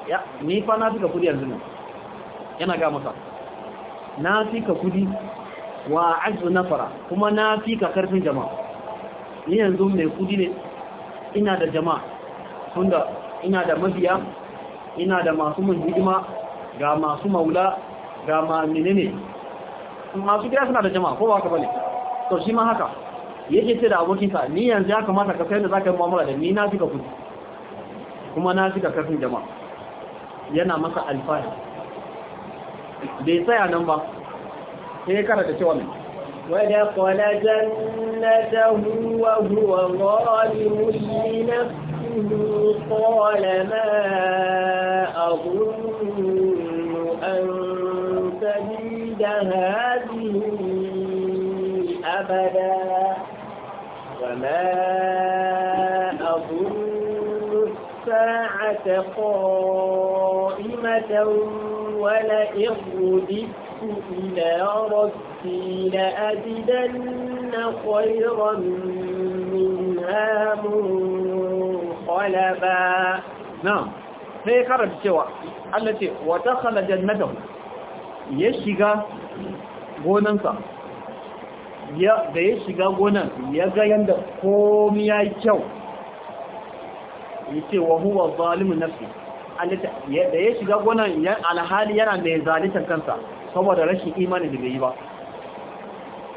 ya ni fa na fi ka kudi yanzu ne yana ga masa na fi ka kudi wa azu nafara kuma na fi ka karfin jama'a ni yanzu mai kudi ne ina da jama'a tunda ina da mabiya ina da masu mun hidima ga masu maula ga ma menene masu gida suna da jama'a ko ba ka bane to shi ma haka yake ce da abokinsa ni yanzu ya kamata ka sayar da ka yi mu'amala da ni na fi ka kudi kuma na fi ka karfin jama'a yana masa alfahari bai tsaya nan ba sai karanta cewa ne wadda kwana zanna da huwa huwa wani mulina su kwana na abun an sani da hazi abada wana abun sa'ata kwana نعمة ولئن رددت إلى ربي لأجدن خيرا منها منقلبا نعم sai karanta cewa Allah ce wata khala jannatahu ya shiga gonansa da ya shiga gonan ya ga yanda komai ya kyau yace wa huwa zalimun nafsi da ya shiga gonan alhali yana mai zalitar kansa saboda rashin imani da bai yi ba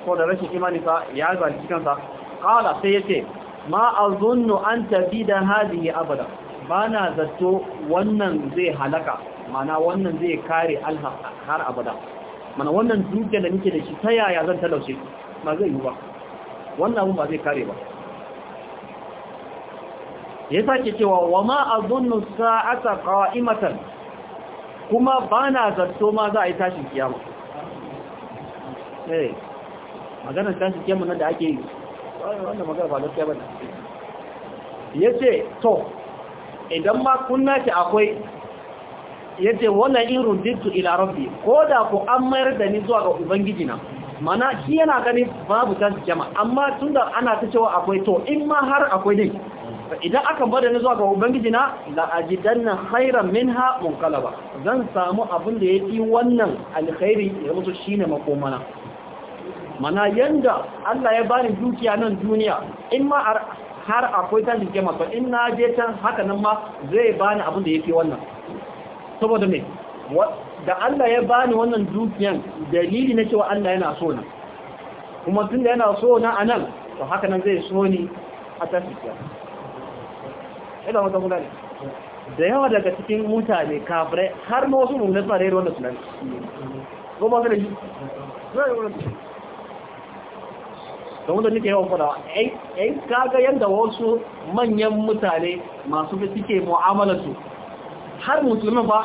saboda rashin imani sa ya zalci kansa kala sai yace ma azunnu an tabida ya abada bana zato wannan zai halaka mana wannan zai kare alha har abada mana wannan dukiya da nake da shi ta yaya zan talauce ba zai yi ba wannan abun ba zai kare ba ya sake cewa wa ma azunnu sa'ata qa'imatan kuma bana zato ma za a yi tashin kiyama eh magana tashin kiyama nan da ake yi wannan magana ba lokaci bane yace to idan ma kunna shi akwai yace wannan in rudditu ila rabbi ko da ku an mayar da ni zuwa ga ubangiji na mana shi yana ganin babu tashin kiyama amma tunda ana ta cewa akwai to in ma har akwai dai idan aka bada ni zuwa ga ubangiji na la ajidanna khairan minha munqalaba zan samu abin da yafi wannan alkhairi ya mutu shine makomana mana yanda Allah ya bani dukiya nan duniya in ma har akwai ta jike to in na je can haka nan ma zai bani abin da yafi wannan saboda me da Allah ya bani wannan dukiyan dalili na cewa Allah yana so ni kuma tunda yana so na anan to haka nan zai so ni a tafiya ila wata gudane da yawa daga cikin mutane kafirai har ma wasu mummunan suna rayar wannan sunan goma su da shi da wanda nake yawan fadawa ai kaga yadda wasu manyan mutane masu da suke mu'amalarsu har musulman ba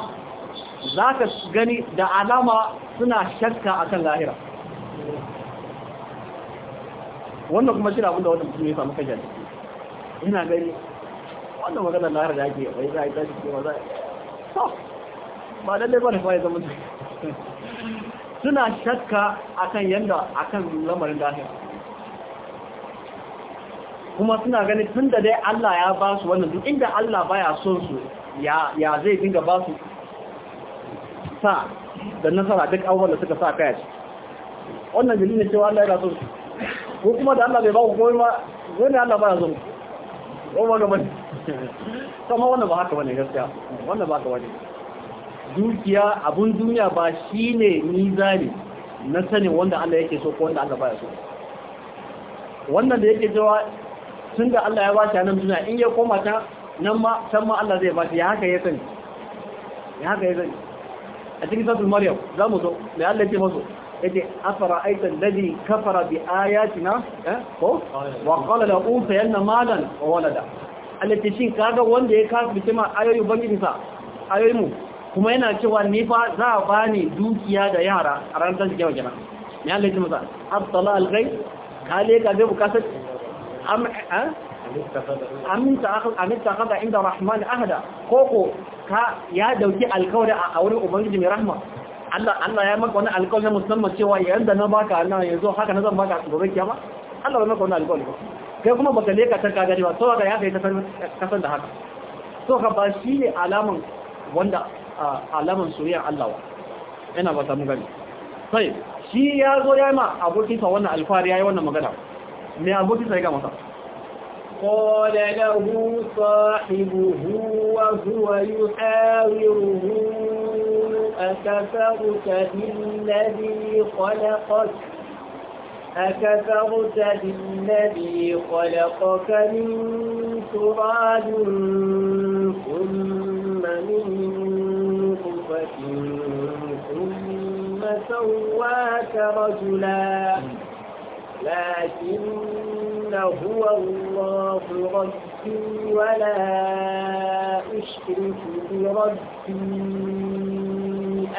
za ka gani da alama suna shakka a kan lahira wannan kuma shi abin da wata mutum ya samu kajar ina gani wannan magana na riga ke wai za a yi tashi kuma za a yi ba lallai ba da fa ya zama suna shakka a kan yadda a kan lamarin lahira kuma suna gani tun da dai Allah ya ba su wannan duk inda Allah baya son su ya zai dinga ba su sa da nasara duk abubuwan da suka sa kaya ce wannan ne cewa Allah ya su ko kuma da Allah bai ba ku kowai ba wani Allah ba ya zama ko ba bane ba haka bane gaskiya wannan ba haka bane dukiya abun duniya ba ne nizari na sanin wanda Allah yake so ko wanda Allah baya so wannan da yake cewa da Allah ya bashi nan duniya in ya koma ta nan ma san ma Allah zai bashi ya haka ya sani ya haka ya sani a cikin suratul maryam zamu zo mai Allah ya ce maso yace afara aita alladhi kafara bi ayatina eh, ko wa qala la utayanna malan wa walada alati shin kaga wanda ya kafirce ma ayoyi ubangiji sa ayoyi mu kuma yana cewa ni fa za a bani dukiya da yara a ran tashi kyau kenan ne Allah ya masa abtala alghayb kale ka zai bukasa am eh? amin ta akhad amin ta akhad inda rahman ahada koko ka ya dauki alkawari a wurin ubangiji mai rahma Allah Allah ya maka wani alƙawari musamman cewa yanda na baka Allah yanzu haka na zan baka gobe kiyama Allah ya maka wani alƙawari kai kuma baka ka tarka kagari ba saboda ya kai ka san da haka so ka ba shi ne alaman wanda alaman soyayyar Allah wa ina ba ta mu gani sai shi ya zo ya ma abokin sa wannan alfari yayi wannan magana me abokin sa ya ga masa قال له صاحبه وهو يحاوره أكفرت بالذي خلقك أكفرت بالذي خلقك من تراب ثم من نطفة ثم سواك رجلاً لكن هو الله ربي ولا أشرك بربي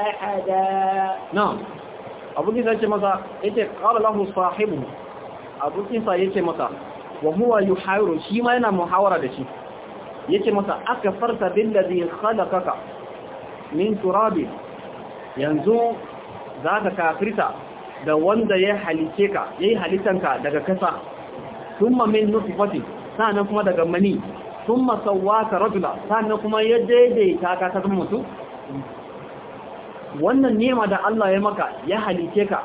أحدا نعم أبو كيسا يتمتع قال له صاحبه أبو كيسا يتمتع وهو يحاور شيما ينا محاورة بشي يتمتع أكفرت بالذي خلقك من ترابي ينزو ذاتك كافرته da wanda ya halice ka yayi halitanka daga kasa sun mamin min nutfati sannan kuma daga mani sun thumma sawwaka rajula sannan kuma ya daidaita ka ka mutu. wannan nema da Allah ya maka ya halice ka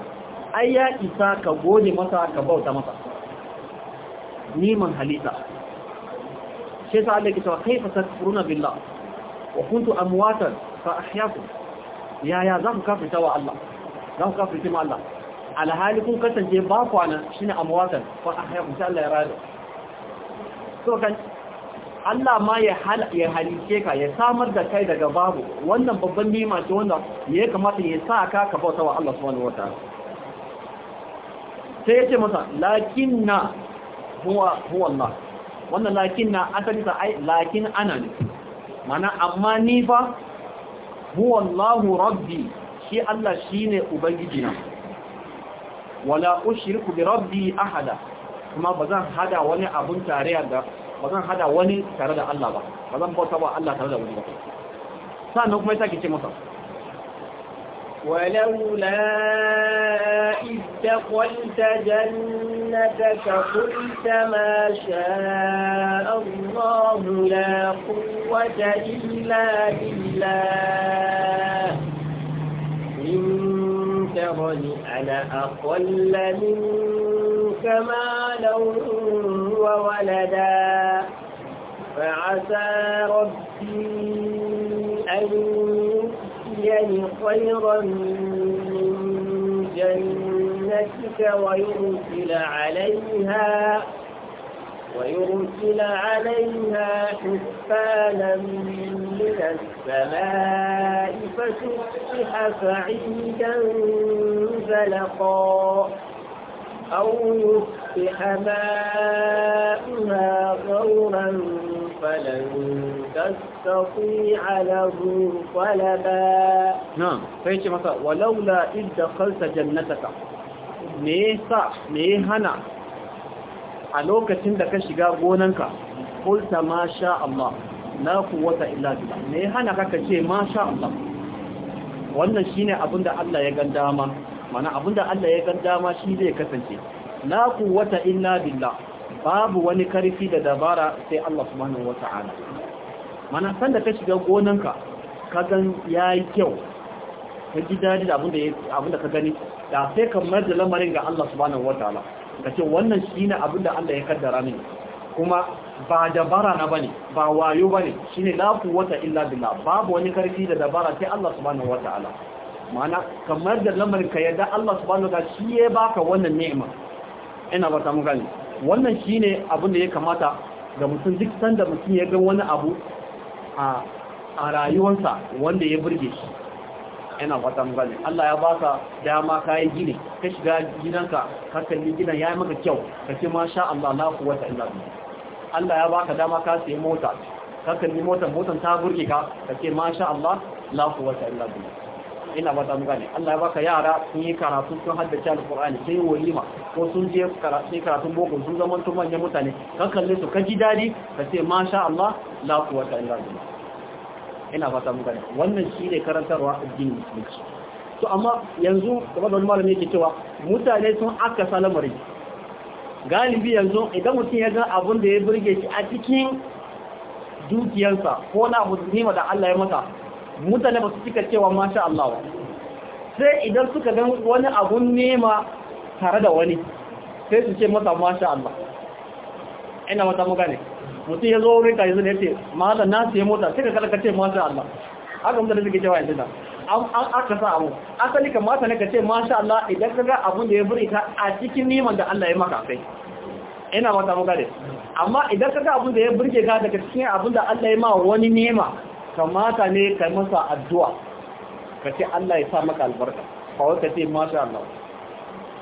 ai ya isa ka gode masa ka bauta masa niman halita shi yasa Allah ya ce kaifa tasfuruna billah wa kuntu amwatan fa ahyaakum ya ya za ku kafirta wa Allah za ku kafirta ma Allah alhali kun kasance ba kwana shi ne amwatan ko a ah, haya kusa Allah ya rada so kan Allah ma ya halice ka ya samar da kai daga babu wannan babban nima ce wanda ya kamata ya sa ka ka bauta wa Allah subhanahu wataala sai ya ce masa lakinna huwa huwa Allah wannan lakinna asali ta ai lakin ana ne mana amma ni fa huwa Allah rabbi shi Allah shine ubangiji na wala ushriku bi rabbi ahada kuma bazan hada wani abun tare da bazan hada wani tare da Allah ba bazan bauta ba Allah tare da wani ba sannan kuma yake ce masa ولولا إذ دخلت جنتك قلت ما شاء الله لا قوة إلا بالله ترني أنا أقل منك مالا وولدا فعسى ربي أن يؤتيني خيرا من جنتك ويرسل عليها ويرسل عليها حسبانا من السماء السماء فسفح فعيدا زلقا أو يفتح ماءها غورا فلن تستطيع له طلبا نعم فيش مساء ولولا إذ دخلت جنتك ميسا ميهنا a lokacin da ka shiga gonanka kulta ma sha Allah ku wata illa billah me hana ka ce masha Allah wannan shine abinda Allah ya gan dama mana abinda Allah ya gan dama shi zai kasance ku wata illa billah babu wani karfi da dabara sai Allah subhanahu wata'ala mana sanda ka shiga gonanka ka gan yayi kyau ka ji dadi da abinda ka gani da sai ka mayar da lamarin ga Allah subhanahu wata'ala ta'ala. Kace wannan shine abinda Allah ya kaddara min, kuma ba dabara na bane ba wayo bane shine la quwwata illa billah babu wani karfi da dabara sai Allah subhanahu wataala ma'ana kamar da lamarin ka yadda Allah subhanahu wataala shi ya baka wannan ni'ima ina ba ta gani wannan shine abin da ya kamata ga mutum duk sanda mutum ya ga wani abu a a rayuwarsa wanda ya burge shi ina fata mu gani Allah ya baka dama kai gine ka shiga gidanka ka kalli gidan yayi maka kyau kace masha Allah la quwwata illa billah Allah ya baka dama ka sayi mota ka kalli mota, mota ta burge ka ka ce masha Allah la quwwata illa billah ina ba ta gane Allah ya baka yara sun yi karatu sun haddace alqur'ani sai walima ko sun je karatu karatun boko sun zama tun manyan mutane ka kalle su ka ji dadi ka ce masha Allah la quwwata illa billah ina ba ta gane wannan shine karantarwa addinin musulunci to amma yanzu kamar wani malami yake cewa mutane sun aka salamari. galibi yanzu idan mutum ya ga abin da ya burge shi a cikin dukiyarsa ko na abu nima da Allah ya mata mutane ba su cika cewa masha Allah sai idan suka gan wani abun nema tare da wani sai su ce mata masha Allah ina mata mu gane mutum ya zo wurin ka yanzu da ya ce malam na ya mota sai ka kalaka ce masha Allah haka mutane suke cewa yanzu da aka sa abu asali kamata ne ka ce masha Allah idan ka ga abun da ya ta a cikin niman da Allah ya maka kai ina mata muka da amma idan ka ga abun da ya burge ka daga cikin abun da Allah ya ma wani nema kamata ne ka masa addu'a ka ce Allah ya sa maka albarka fa wata ce masha Allah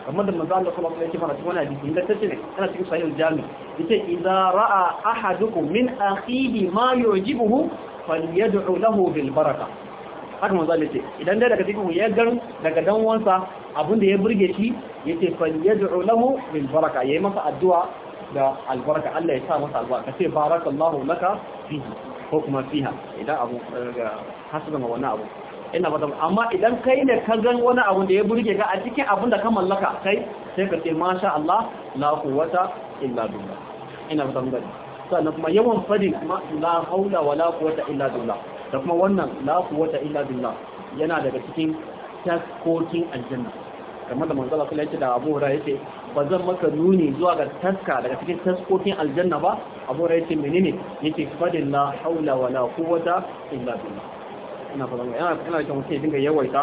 kamar da manzo Allah sallallahu alaihi wasallam wannan hadisi inda tace ne ana cikin sahih al-jami yace idza ra'a ahadukum min akhihi ma yu'jibuhu falyad'u lahu bil baraka haka manzo Allah ce idan dai daga cikin ya garu daga dan wansa abinda ya burge shi yace fal yad'u lahu bil baraka yayi masa addu'a da albarka Allah ya sa masa albarka sai barakallahu laka fihi ko kuma fiha idan abu hasaba wannan abu ina fata amma idan kai ne ka gan wani abu da ya burge ka a cikin abin ka mallaka kai sai ka ce masha Allah la quwwata illa billah ina fata mun sannan kuma yawan fadin ma la haula wala quwwata illa billah da kuma wannan la quwwata illa billah yana daga cikin taskokin aljanna kamar da manzo Allah ya ce da Abu Hurairah yace ba zan maka nuni zuwa ga taska daga cikin taskokin aljanna ba Abu Hurairah yace menene yace fadilla haula wala quwwata illa billah ina fara ina ina da mutum dinga yawaita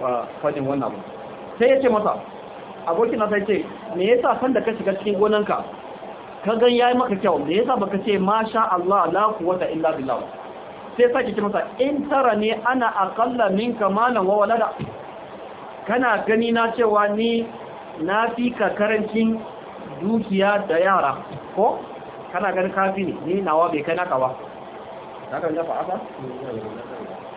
wa fadin wannan abu sai yace masa abokin na sai ce me yasa san da ka shiga cikin gonanka ka gan yayi maka kyau me yasa baka ce masha Allah la quwwata illa billah sai sake kimasa in tara ne ana akalla min kamalan wa walada kana gani na cewa ni na fi ka karancin dukiya da yara ko kana gani kafi ne ni nawa bai kai naka ba takan da fa'asa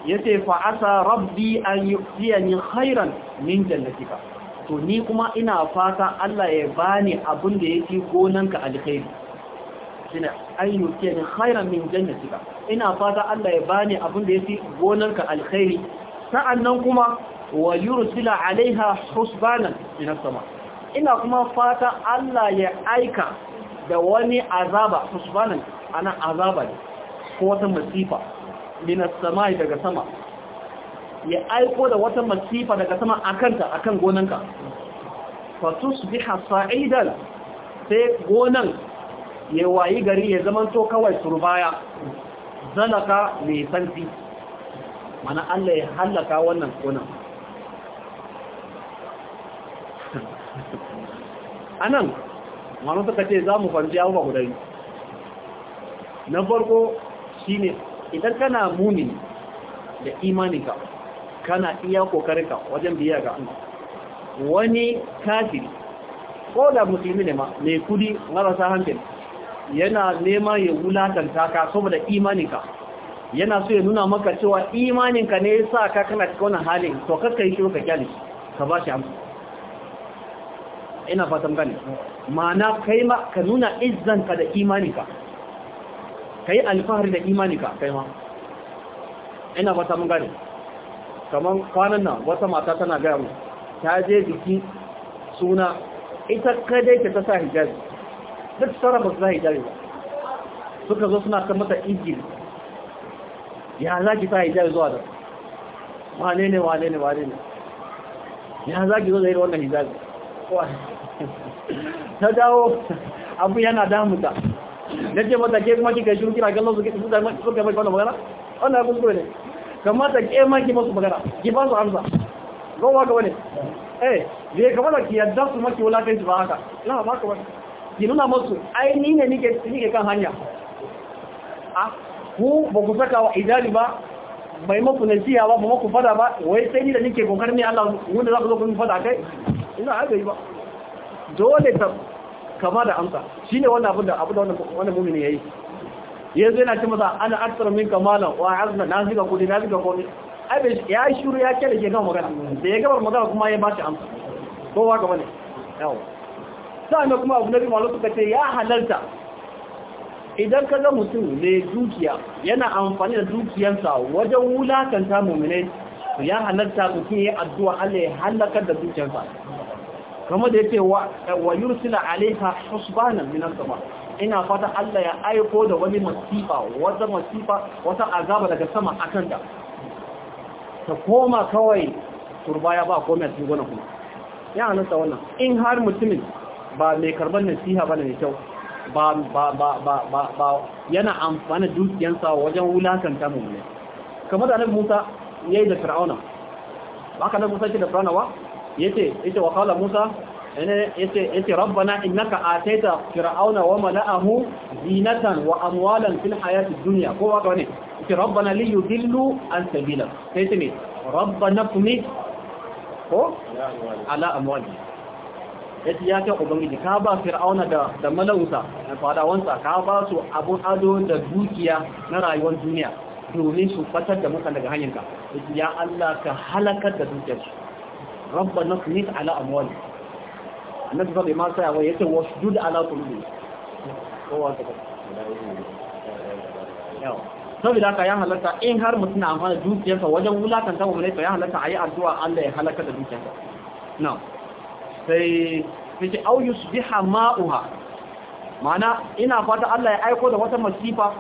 yace fa'asa rabbi an yu'tiyani khairan min jannatika to ni kuma ina fata Allah ya bani abin da yake gonanka alkhairi muhsina an yuke ni khairan min jannatika ina fata Allah ya bani abin da ya fi gonarka alkhairi sa'annan kuma wa yursila alaiha husbanan min sama ina kuma fata Allah ya aika da wani azaba husbanan ana azaba ne ko wata masifa min as-sama daga sama ya aiko da wata masifa daga sama akan akanta akan gonanka fatusbiha sa'idan sai gonan ya wayi gari ya zamanto kawai surbaya zalaka mai santi mana Allah ya hallaka wannan kunan anan wani suka ce za mu abu ba gudari na farko shine idan kana muni da imaninka kana iya kokarinka wajen biya ga Allah wani kafiri ko da musulmi ne ma mai kudi marasa hankali yana nema ya wulatanta ka saboda imaninka yana so ya nuna maka cewa imaninka ne yasa ka kana cikin wannan halin to kakka yi shiru ka kyale ka ba shi amsa ina fatan gani. ma'ana kai ma ka nuna izzanka da imaninka kai alfahari da imaninka kai ma ina fatan gani. kamar kwanan nan wata mata tana gaya mu ta je biki suna ita kadai ta sa hijabi duk sauran ba su za ba suka zo suna kan mata injil ya za ki sa hijabi zuwa da wane ne wane ne wane ne ya za ki zo da irin wannan hijabi ta dawo abu yana damuta na ce mata ke kuma kika shiru kira kallon su ke su zama suka mai wannan magana wannan abin kuskure ne kamata ke ma ki masu magana ki ba su amsa gowa ga wani eh bai kamata ki yadda su maki kai ba haka na ba ka wani ki nuna musu ai ni ne nike nike kan hanya a ku ba ku saka wa idali ba bai ne nasiha ba ba muku fada ba wai sai ni da nike kokarin ne Allah wanda za ku zo ku fada kai ina aka yi ba dole ta kama da amsa shine wannan abin da abu da wannan wannan mu'mini yayi yanzu yana ce masa ana aktsara min kamalan wa azna na zika kudi na zika komai ai ya shiru ya kele ke gama magana da ya gabar magana kuma ya ba shi amsa kowa gaba ne yawa sa'annan kuma abu na biyu malu suka ce ya halarta idan ka ga mutum ne dukiya yana amfani da dukiyansa wajen wulakanta mummune ya halarta mutum ya addu'a Allah ya halarta da dukiyansa. kamar da ya ce wa yursila alaiha husbanan minan sama ina fata Allah ya aiko da wani masifa wata masifa wata azaba daga sama kan da ta koma kawai ya ba komai a cikin gona kuma ya halarta wannan in har mutumin ba mai karban nasiha bane mai kyau ba ba ba ba ba yana amfana dukiyansa wajen wulakanta mu ne kamar da Musa yayi da Fir'auna haka nan Musa ke da Fir'auna wa yace yace wa qala Musa yace yace rabbana innaka ataita fir'auna wa mala'ahu zinatan wa amwalan fil hayati dunya ko ba kawai yace rabbana li yudillu an sabila sai ce ne rabbana kuni ko ala amwali ya ce ya kai ubangiji ka ba fir'auna da da malausa da fadawansa ka ba su abun ado da dukiya na rayuwar duniya domin su fatar da mutane daga hanyarka ya ya Allah ka halakar da dukiyar su rabbana kunit ala amwal annabi bai ma sai wai yace wasjud ala qulubi kowa ta yawa saboda ka ya halatta in har mutum na amfana dukiyarsa wajen wulakanta mu ne, to ya halatta a yi addu'a Allah ya halaka da dukiyarsa na'am sai fiki au yusbiha ma'uha mana ina fata Allah ya aiko da wata masifa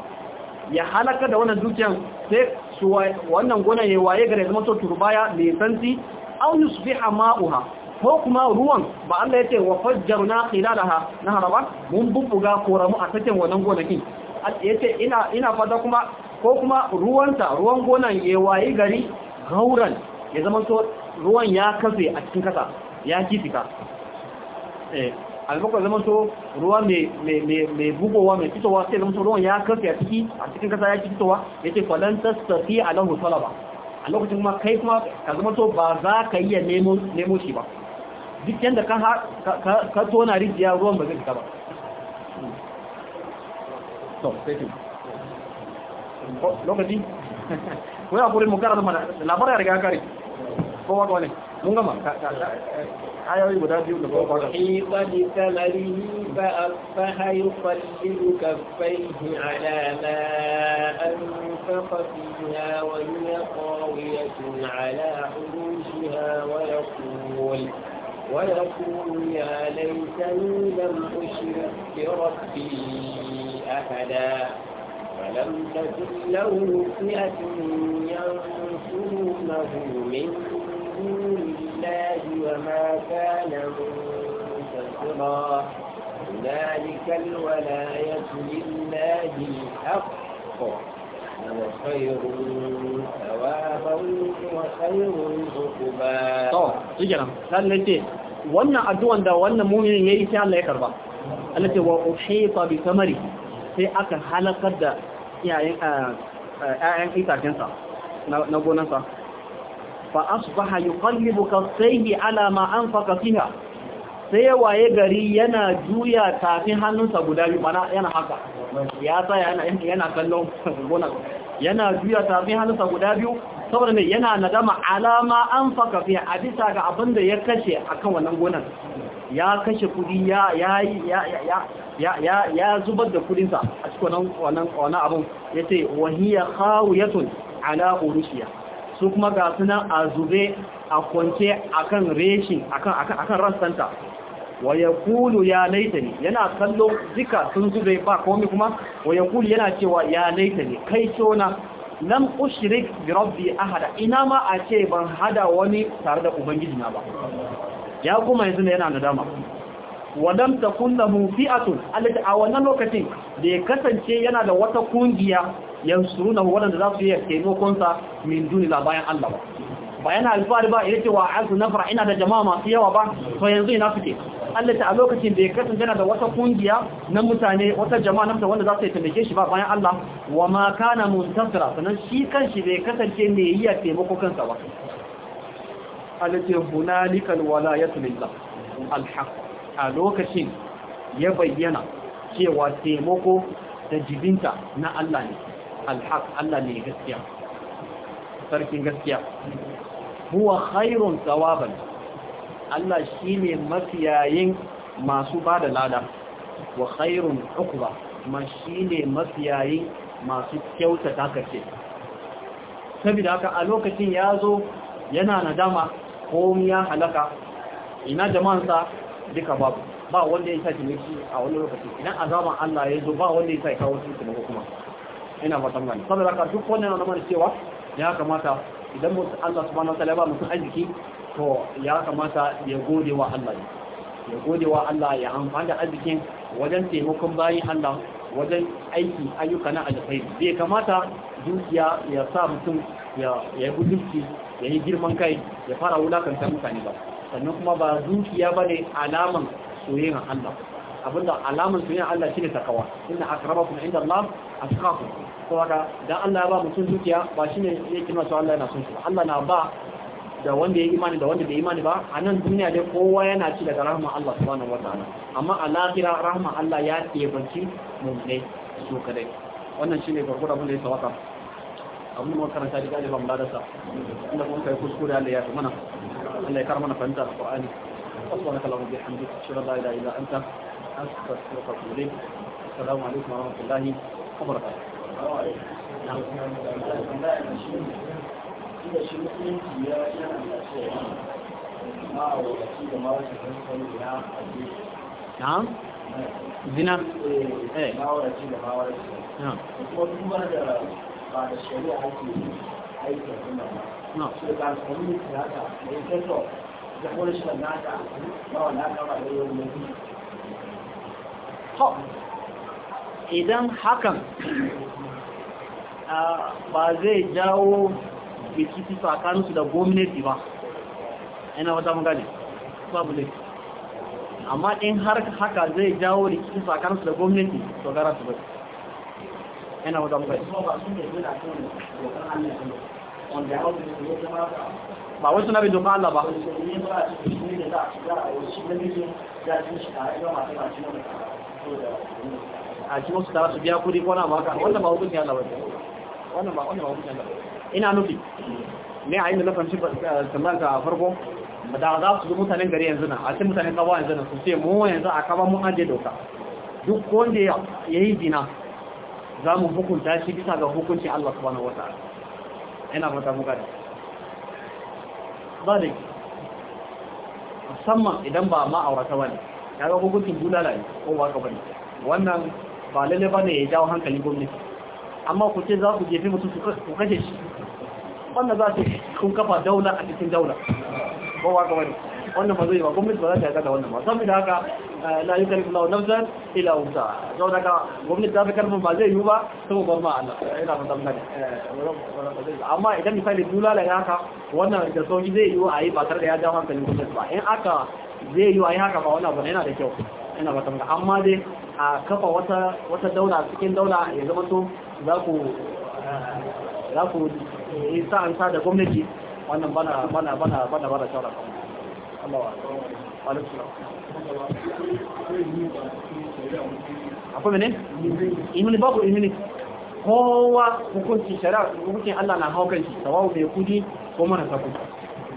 ya halaka da wannan dukiyan sai su wannan gona ya waye gare zama to turbaya mai santi au yusbiha ma'uha ko kuma ruwan ba Allah ya ce wa fajjarna khilalaha nahara ba mun bubbuga koramu a cikin wannan gonakin yace ina ina fata kuma ko kuma ruwanta ruwan gonan ya waye gari gauran ya zama to ruwan ya kafe a cikin kasa ya kifika eh almakon zama to ruwa me me mai bugowa me fitowa sai zama to ruwan ya kafe a ciki a cikin kasa ya fitowa yace ce kwallon alahu a talaba a lokacin kuma kai kuma ka zama to ba za ka iya nemo nemo shi ba duk yanda ka ka ka tona rijiya ruwan ba zai fita ba to sai ki lokaci ko ya kuri mu kara da labarai ya riga kare kowa ga wani mun gama ayoyi guda biyu da kuma rahiqa bi samarihi fa asfaha yuqallibu kaffayhi ala ma anfaqa fiha wa hiya qawiyatun ala urushiha wa yaqul ويقول يا ليتني لم أشرك بربي أحدا فلم تكن له فئة ينصرونه من الله وما كان منتصرا هنالك الولاية لله الحق هو خير ثوابا وخير عقبا طب تجرم هل انت wannan addu'an da wannan muminin yayi sai Allah ya karba Allah ce wa uhita bi samari sai aka halakar da iyayen ƴaƴan itacensa na gonansa فأصبح يقلب كفيه على ما أنفق فيها sai waye gari yana juya tafin hannunsa guda biyu mana yana haka ya tsaya yana kallon gona yana juya tafin hannunsa guda biyu saboda ne yana nadama alama an faka fiye a bisa ga abin da ya kashe akan wannan gonar ya kashe kudi ya ya ya ya ya zubar da kudinsa a cikin wannan wannan abin yace wahiya khawiyatun ala urushiya su kuma ga suna a zube a kwance akan reshin a kan rastanta ya kulu ya laita ne yana kallo zika sun zube ba komi kuma Wayakulu kulu yana cewa ya laita ne kai tona nan ushirik bi a hada, ina ma a ce ban hada wani tare da ubangiji na ba ya kuma yanzu yana da dama. wadam ta kunna mufi'atun allati a wannan lokacin da ya kasance yana da wata kungiya yansuruna wadanda za su yi taimakon sa min dunila bayan Allah ba ba yana alfari ba yace wa azu nafra ina da jama'a masu yawa ba to yanzu ina suke allati a lokacin da ya kasance yana da wata kungiya na mutane wata jama'a nafsa wanda za su taimake shi ba bayan Allah wa ma kana muntasira sanan shi kanshi bai kasance ne yi taimako kansa ba allati hunalikal walayatul lillah alhaq a lokacin ya bayyana cewa taimako da jibinta na Allah ne alhaq Allah ne gaskiya sarkin gaskiya huwa khairun tsawaban Allah shi ne mafiyayin masu ba da lada wa khairun ukuba ma shi ne mafiyayin masu kyauta takace saboda haka a lokacin ya zo yana nadama ko ya halaka ina jama'ansa duka babu ba wanda ya sa ciniki a wani lokaci idan azaban Allah ya zo ba wanda ya sa kawo ciniki ko kuma ina fatan gani saboda ka duk wannan na mana cewa ya kamata idan mutum Allah subhanahu wataala ya ba mutum arziki to ya kamata ya gode wa Allah ya gode wa Allah ya amfani da arzikin wajen taimakon bayin Allah wajen aiki ayyuka na alkhairi bai kamata dukiya ya sa mutum ya yi gudunci ya yi girman kai ya fara wulakanta mutane ba sannan kuma ba dukiya ne alaman soyayyen Allah abinda alaman soyayyen Allah shi shine takawa inna akramakum inda Allah atqakum to haka dan Allah ya ba mutum dukiya ba shi ne yake nuna cewa Allah yana son su. Allah na ba da wanda ya imani da wanda bai imani ba a nan duniya dai kowa yana ci daga rahman Allah subhanahu wataala amma a lahira rahman Allah ya tebanci mu'minai su kadai wannan shi ne gurgurda mun da ya sawaka abin da makaranta da galiban ba da sa inda kuma kai kuskure Allah ya mana Allah ya karmana fahimta da Qur'ani subhanaka allahumma bihamdika ashhadu an la ilaha illa anta astaghfiruka wa atubu ilayk assalamu alaikum wa rahmatullahi wa barakatuh نعم زنا ايه نعم ba da ba idan hakan ah, ba zai jawo rikici tsakaninsu da gwamnati ba ina wata magani babu ne amma in har haka zai jawo rikici tsakaninsu da gwamnati to gara su bai yana wajen bai ba wasu na bin doka Allah ba a cikin wasu tara su biya kuri ko na wannan ba hukunci Allah ba wannan ba wannan ba hukunci Allah ina nufi ne a inda na fahimci eh, tambayar ka farko da za su zo mutanen gari yanzu na a cikin mutanen kawo yanzu na su ce mu yanzu a kaba mun aje doka duk wanda ya yi zina za mu hukunta shi bisa ga hukunci Allah subhanahu wata'ala ina fata muka da zalik musamman idan ba ma'aurata bane ya ga hukuncin bulala ne ko ba ka bane wannan ba lalle bane ya jawo hankalin gwamnati amma ku ce za ku jefe mutum su kashe shi wannan za su kun kafa daula a cikin daula ko ba ka bane wannan ba zai ba gwamnati ba za ta yi kada wannan ba saboda haka eh, la yukallifu Allahu nafsan ila wusa saboda haka gwamnati ta fi karfin ba zai yi ba saboda barma Allah eh, ina fata mun eh, amma idan misali dula da haka wannan da sauki zai yi a yi ba tare da ya jawo hankalin gwamnati ba in aka zai yi a yi haka ba wannan ba yana da kyau ina ba mun amma dai a kafa wata wata daula cikin daula ya zama to za ku za ku yi sa'an sa da gwamnati wannan bana bana bana bana bana shawara akwai mene? imini babu imini kowa hukunci shari'a hukuncin Allah na haukan shi tawawu mai kudi ko mana sakun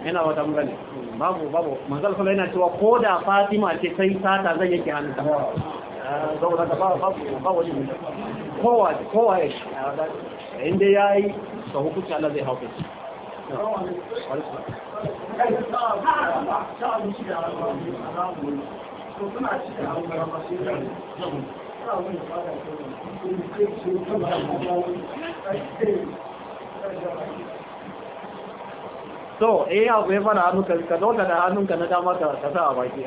yana wata mugane babu babu manzal sallallahu yana cewa ko da Fatima ce sai sata zan yake hannun ta saboda ka kowa kowa ya shi inda yayi to hukunci Allah zai haukan shi so eh abu ya fara hannu ka zo da hannunka na dama ka sa a baki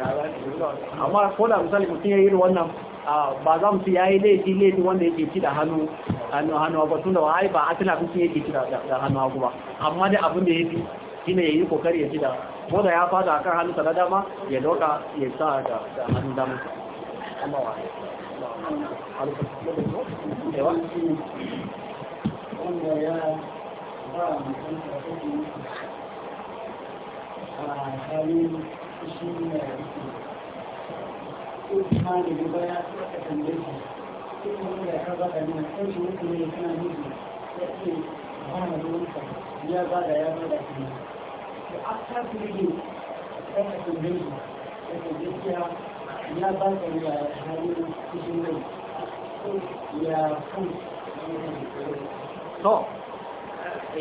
amma ko da misali mutum ya yi wannan ba za mu ya yayi laifi laifi wanda yake ci da hannu hannu hannu ba tun da wai ba a asila kun yake ci da hannu hagu ba amma da abin da ya shine yayi kokari ya ci da ko da ya fada kan hannu sa dama ya doka ya sa da hannu dama to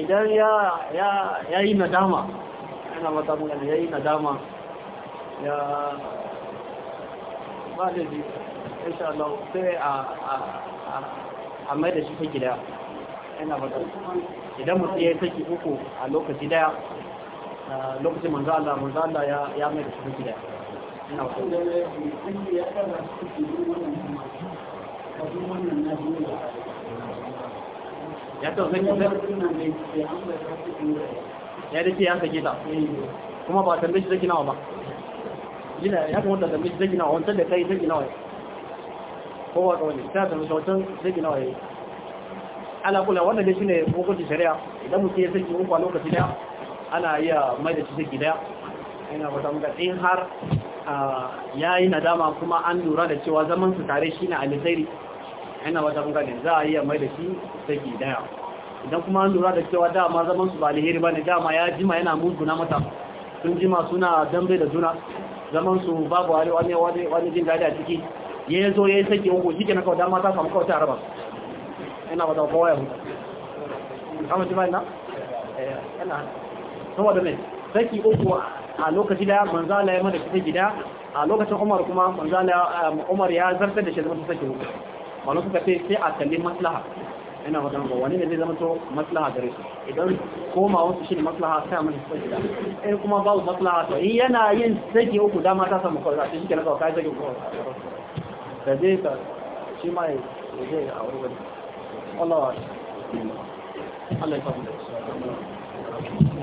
ya ya ya idan yi nadama yana mata ya yi nadama ya ba insha da shi ya uku a lokaci daya manzo da shi ya sake ta kuma ba tambayi shi zai nawa ba gina ya kuma da mai zai gina wancan da kai zai gina wai kowa ga wani ta zama wancan zai gina wai ala kula wannan ne shine hukunci shari'a idan mutum ya saki uku a lokaci daya ana iya mai da shi saki daya ina ba ta muka in har ya yi nadama kuma an lura da cewa zaman su tare shi na alisairi ina ba ta muka ne za a iya mai da shi saki daya idan kuma an lura da cewa dama zaman su ba alheri ba ne dama ya jima yana muguna mata sun jima suna dambe da juna zaman su babu wani wani wani wani jin dadi a ciki ya zo ya yi sake uku shi ke na kawai dama ta samu kawai ta raba ina ba da kowa ya huta kama ji bai na? yana eh, saboda mai saki uku a lokaci da manzala ya mada kike gida a lokacin umar kuma manzala um, umar ya zartar da shi zama sake uku malon suka ce sai a kalli maslaha ina fatan ga wani ne zai zama to maslaha gare su idan koma wasu shi ne maslaha sai mun sai da in kuma babu maslaha to in yana yin sake uku dama ta samu kawai sai shike na kawai kai sake uku da zai ka shi ma ya zai a wurin Allah Allah ya samu da